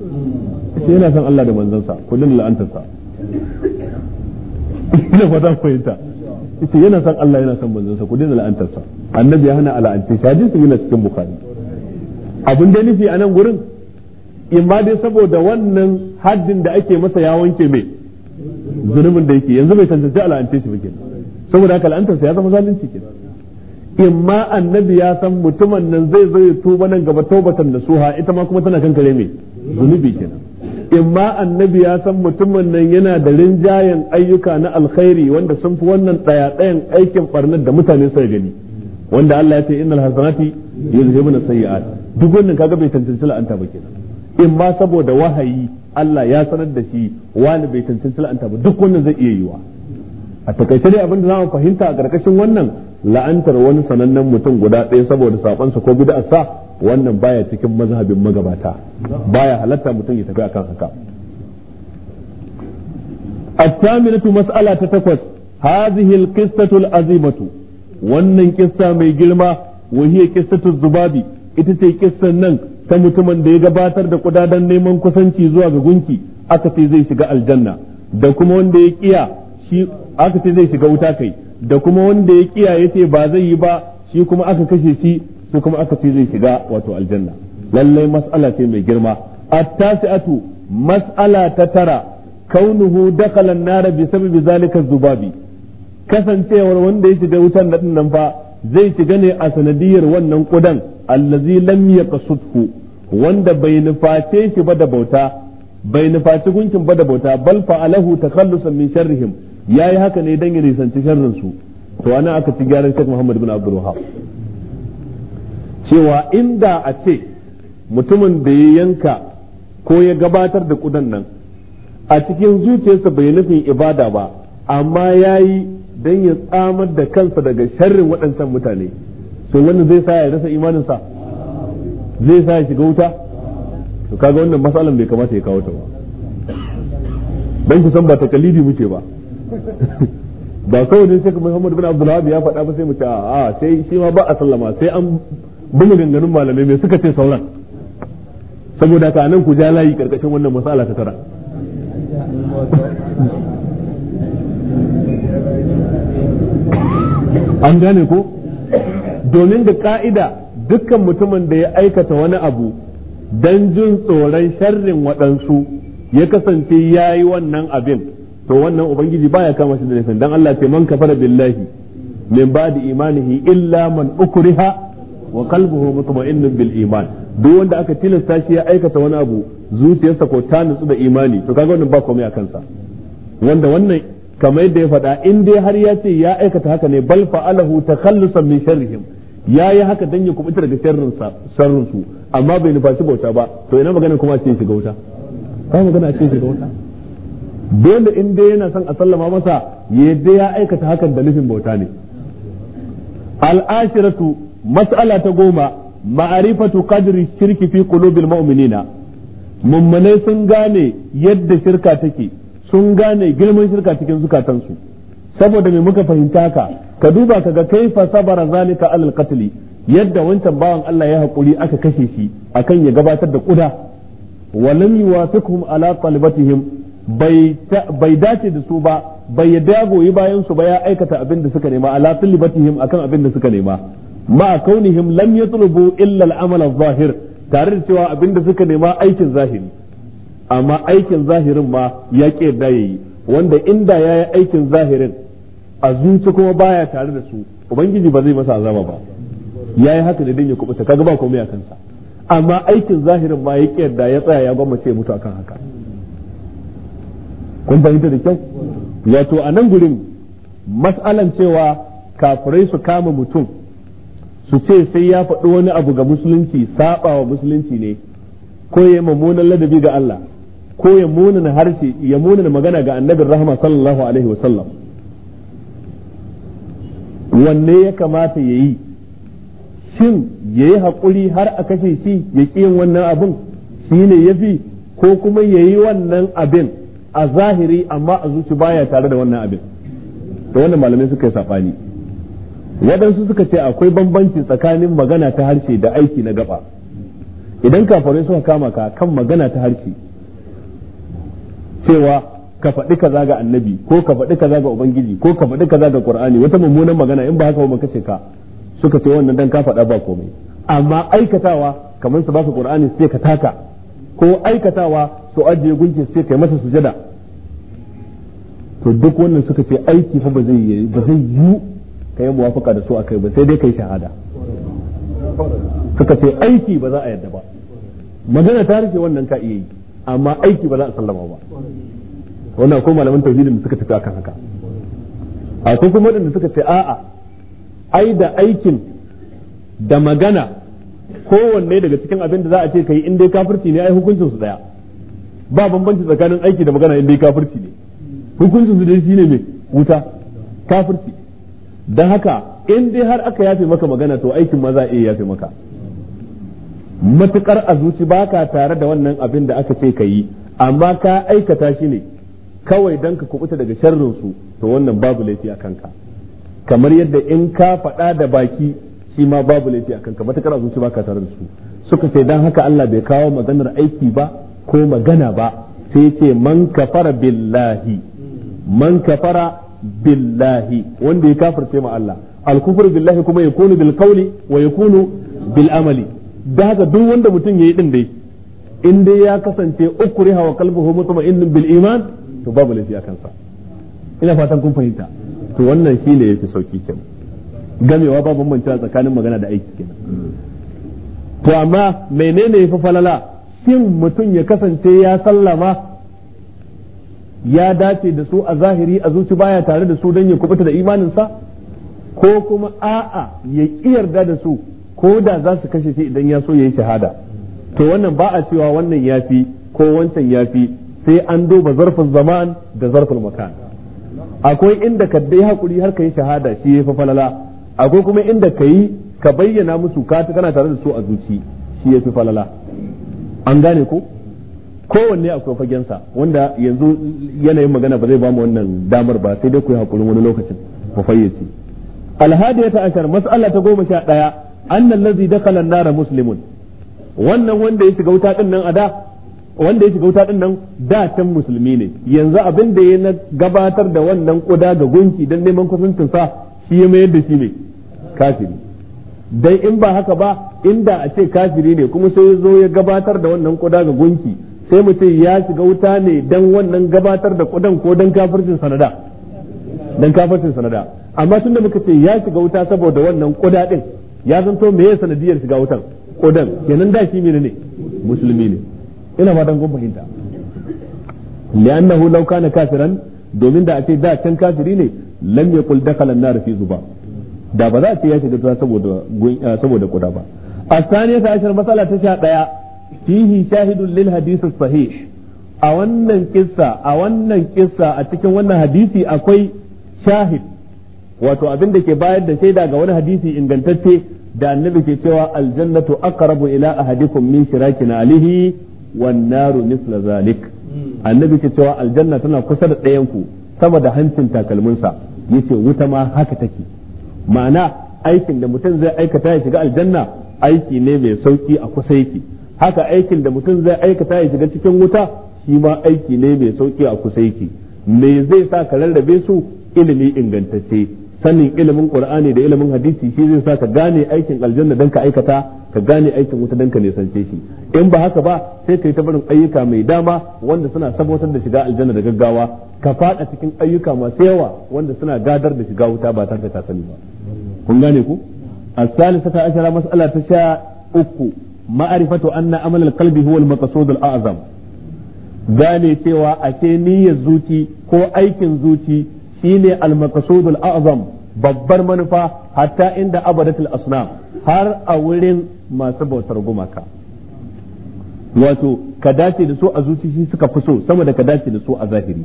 sai yana son Allah da manzansa sa ku la'antar sa ina ba za ku ita yana san Allah yana san sa ku daina la'antarsa annabi ya hana ala'anci hadisin yana cikin bukhari abun da nufi a nan gurin in ma dai saboda wannan haddin da ake masa ya wanke mai zunubin da yake yanzu bai tantance ala'ance shi ba kenan saboda haka la'antarsa ya zama zalunci kenan in ma annabi ya san mutumin nan zai zo ya tuba nan gaba taubatan nasuha ita ma kuma tana kankare mai zunubi kenan In ma annabi ya san mutumin nan yana da rinjayen ayyuka na alkhairi wanda sun fi wannan ɗaya ɗayan aikin barnar da mutane suka gani wanda Allah ya ce innal hasanati yuzhibuna sayyi'at duk wannan kaga bai tantance la'anta ba kenan ma saboda wahayi Allah ya sanar da shi wani bai tantance la'anta ba duk wannan zai iya yiwa a takaice dai abinda za zamu fahimta a karkashin wannan la'antar wani sanannen mutum guda ɗaya saboda sa ko sa wannan baya cikin mazhabin magabata baya halatta mutum ya tafi akan haka الثامنة ta takwas هذه القصة azimatu wannan kissa mai girma wahi kissatu zubabi ita ce kissan nan ta mutumin da ya gabatar da kudaden neman kusanci zuwa ga gunki aka ce zai shiga aljanna da kuma wanda ya kiya shi aka ce zai shiga wuta kai da kuma wanda ya kiya yace ba zai yi ba shi kuma aka kashe shi shi kuma aka fi zai shiga wato aljanna lallai mas'ala ce mai girma at-tasi'atu mas'ala ta tara kaunuhu dakhala an-nar bi sababi zalika zubabi kasancewar wanda ya shiga wutan nan nan fa zai shiga ne a sanadiyar wannan kudan allazi lam yaqsudhu wanda bai nuface shi ba da bauta bai nufaci gunkin ba da bauta bal fa'alahu takhallusan min sharrihim yayi haka ne dan ya nisanci sharrin su to ana aka ci gyaran Sheikh Muhammad bin Abdul Wahhab cewa inda a ce mutumin da ya yanka ko ya gabatar da kudan nan a cikin zuciyarsa bai nufin ibada ba amma ya yi don ya tsamar da kansa daga sharrin waɗancan mutane sai wannan zai sa ya rasa imaninsa zai sa ya shiga wuta to kaga wannan matsalan bai kamata ya kawo ta ba Ban ku san ba takalidi muke ba ba kawai ne sai Muhammad bin Abdullah ya faɗa ba sai mu ce a'a sai shi ma ba a sallama sai an bi maganganun malamai mai suka ce sauran saboda ka nan ku ja layi karkashin wannan matsala ta tara an gane ko domin da ka'ida dukkan mutumin da ya aikata wani abu don jin tsoron sharrin waɗansu ya kasance ya yi wannan abin to wannan ubangiji baya kama shi da laifin dan Allah ce man kafara billahi min da imanihi illa man ukuriha wa kalbuhu mutma'innun bil iman duk wanda aka tilasta shi ya aikata wani abu zuciyarsa ko ta nutsu da imani to kaga wannan ba komai a kansa wanda wannan kamar yadda ya faɗa in dai har ya ce ya aikata haka ne bal fa'alahu takhallusan min sharrihim ya yi haka dan ya kubuta daga sharrinsa sharrinsu amma bai nufaci bauta ba to ina magana kuma a ce shiga wuta ba magana a ce shiga wuta dole in dai yana son a sallama masa yadda ya aikata hakan da nufin bauta ne al'ashiratu mas'ala ta goma ma'arifatu qadri shirki fi qulubil mu'minina mummunai sun gane yadda shirka take sun gane girman shirka cikin zukatansu saboda me muka fahimta ka ka duba ka ga kaifa sabara zalika alal qatli yadda wancan bawan Allah ya hakuri aka kashe shi akan ya gabatar da kuda walam yuwafiqhum ala talibatihim bai bai dace da su ba bai yadda goyi bayan su ba ya aikata abin da suka nema ala talibatihim akan abin da suka nema ma kaunihim lam yatlubu illa al-amal adh-dhahir tare da cewa abinda suka nema aikin zahiri amma aikin zahirin ma ya ke da yayi wanda inda yayi aikin zahirin a zuci kuma baya tare da su ubangiji ba zai masa azaba ba ya yi haka da dan ya kubuta kaga ba komai a kansa amma aikin zahirin ma ya ke da ya tsaya ya gwamma ce mutu akan haka kun fahimta da kyau wato a nan gurin mas'alan cewa kafirai su kama mutum su ce sai ya faɗi wani abu ga musulunci saba wa musulunci ne ko ya yi mummunan ladabi ga Allah ko ya munana harshe ya munana magana ga annabin rahama sallallahu alaihi wa sallam wanne ya kamata ya yi shin ya yi haƙuri har a kashe shi ya ƙi yin wannan abin shi ne ya fi ko kuma ya yi wannan abin a zahiri amma a zuci baya tare da wannan abin da wannan malamai suka yi saɓani waɗansu suka ce akwai bambanci tsakanin magana ta harshe da aiki na gaba idan kafare suka kama ka kan magana ta harshe cewa ka faɗi kaza ga annabi ko ka faɗi kaza ga ubangiji ko ka faɗi kaza ga qur'ani wata mummunan magana in ba haka ba kace ka suka ce wannan dan ka faɗa ba komai amma aikatawa kamar su baka qur'ani sai ka taka ko aikatawa su ajiye gunki sai kai masa sujada to duk wannan suka ce aiki fa ba zai yi ba zai yi ka yi muwafaka da su a kai ba sai dai ka yi shahada suka ce aiki ba za a yadda ba magana ta rufe wannan ka iya yi amma aiki ba za a sallama ba wannan ko malaman tauhidin da suka tafi akan haka ko kuma waɗanda suka ce a'a ai da aikin da magana kowanne daga cikin abin da za a ce ka yi in dai kafirci ne ai hukuncin su daya ba bambanci tsakanin aiki da magana in dai kafirci ne hukuncin su dai shine me wuta kafirci don haka in dai har aka yafe maka magana to aikin ma za a iya yafe maka matukar a zuci ba ka tare da wannan abin da aka ce ka yi amma ka aikata shi ne kawai don ka kubuta daga sharrinsu to wannan babu laifi a kanka kamar yadda in ka faɗa da baki shi ma babu laifi a kanka matukar a zuci ba ka tare da su suka ce don haka Allah bai kawo maganar aiki ba ko magana ba sai ce man kafara billahi man kafara billahi wanda ya kafirce ma Allah al-kufru billahi kuma yakunu bil qawli wa yakunu bil amali da haka duk wanda mutum yayi din dai in dai ya kasance ukuri wa qalbuhu mutma'innun bil iman to babu lafiya kansa ina fatan kun fahimta to wannan shine yafi sauki kenan gamewa ba bambancewa tsakanin magana da aiki kenan to amma menene yafi falala shin mutum ya kasance ya sallama ya dace da su a zahiri a zuci baya tare da su don ya kubuta da imaninsa ko kuma a'a ya yarda da su ko da za su kashe shi idan ya so ya yi shahada to wannan ba a cewa wannan ya fi ko wancan ya fi sai an duba zarfin zaman da zarfin makan akwai inda ka dai hakuri har ka yi shahada shi ya fi falala akwai kuma inda ka yi ka bayyana musu ka kana tare da su a zuci shi ya fi falala an gane ko kowanne akwai fagensa wanda yanzu yanayin magana ba zai ba mu wannan damar ba sai dai ku yi hakuri wani lokacin mu fayyace ta ashar mas'ala ta goma sha daya annal ladzi dakhala an-nar muslimun wannan wanda ya shiga wuta din nan a da wanda ya shiga wuta din nan da tan musulmi ne yanzu abin da ya gabatar da wannan kuda ga gunki dan neman kusancin sa shi ya mayar da shi ne kafiri dan in ba haka ba inda a ce kafiri ne kuma sai ya zo ya gabatar da wannan kuda ga gunki sai mu ce ya shiga wuta ne dan wannan gabatar da kudan ko dan kafircin sanada dan kafircin sanada amma tunda muka ce ya shiga wuta saboda wannan kuda din ya zanto me ya sanadiyar shiga wutan kudan kenan da shi ne musulmi ne ina fatan kun fahimta li'annahu law kana kafiran domin da a ce da can kafiri ne lam yaqul dakhala an-nar fi zuba da ba za a ce ya shiga wuta saboda saboda kuda ba a saniyata ashar masala ta sha daya fihi shahidun lil sahih a wannan kissa a wannan kissa a cikin wannan hadisi akwai shahid wato abin da ke bayar da shaida ga wani hadisi ingantacce da annabi ke cewa aljannatu aqrabu ila ahadikum min shirakin alihi wan naru misla zalik hmm. annabi ke cewa aljanna tana kusa da ɗayan ku sama da hancin takalminsa yace wuta ma haka take ma'ana aikin da mutum zai aikata ya shiga aljanna aiki ne mai sauki a kusa yake haka aikin da mutum zai aikata ya shiga cikin wuta shi ma aiki ne mai sauki a kusa yake me zai sa ka rarrabe su ilimi ingantacce sanin ilimin qur'ani da ilimin hadisi shi zai sa ka gane aikin aljanna dan ka aikata ka gane aikin wuta dan ka nisance shi in ba haka ba sai kai ta barin ayyuka mai dama wanda suna sabotar da shiga aljanna da gaggawa ka fada cikin ayyuka masu yawa wanda suna gadar da shiga wuta ba tare da ka sani ba kun gane ku الثالثة عشرة ta sha uku. ma'arifatu anna amalar al-qalbi huwa al azam gane cewa a ce niyyar zuci ko aikin zuci shine al-maqsud azam babbar manufa hatta inda abadatul asnam har a wurin masu bautar gumaka wato ka dace da su a zuci shi suka fi so sama da ka dace da su a zahiri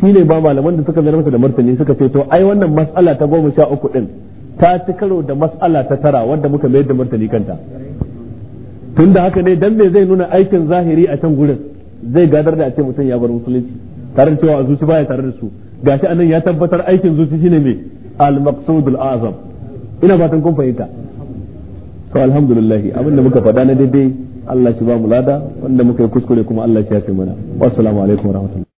shine ba malaman da suka zama masa da martani suka ce to ai wannan mas'ala ta goma sha uku din ta ci karo da mas'ala ta tara wadda muka mayar da martani kanta tun da haka ne dan me zai nuna aikin zahiri a can gurin zai gadar da a ce mutum ya bar musulunci tare da cewa a zuci baya tare da su gashi anan ya tabbatar aikin zuci shine me al maqsudul azam ina fatan kun fahimta to alhamdulillah abin da muka faɗa na daidai Allah shi ba mu lada wanda muka yi kuskure kuma Allah shi ya fi mana wassalamu alaikum warahmatullahi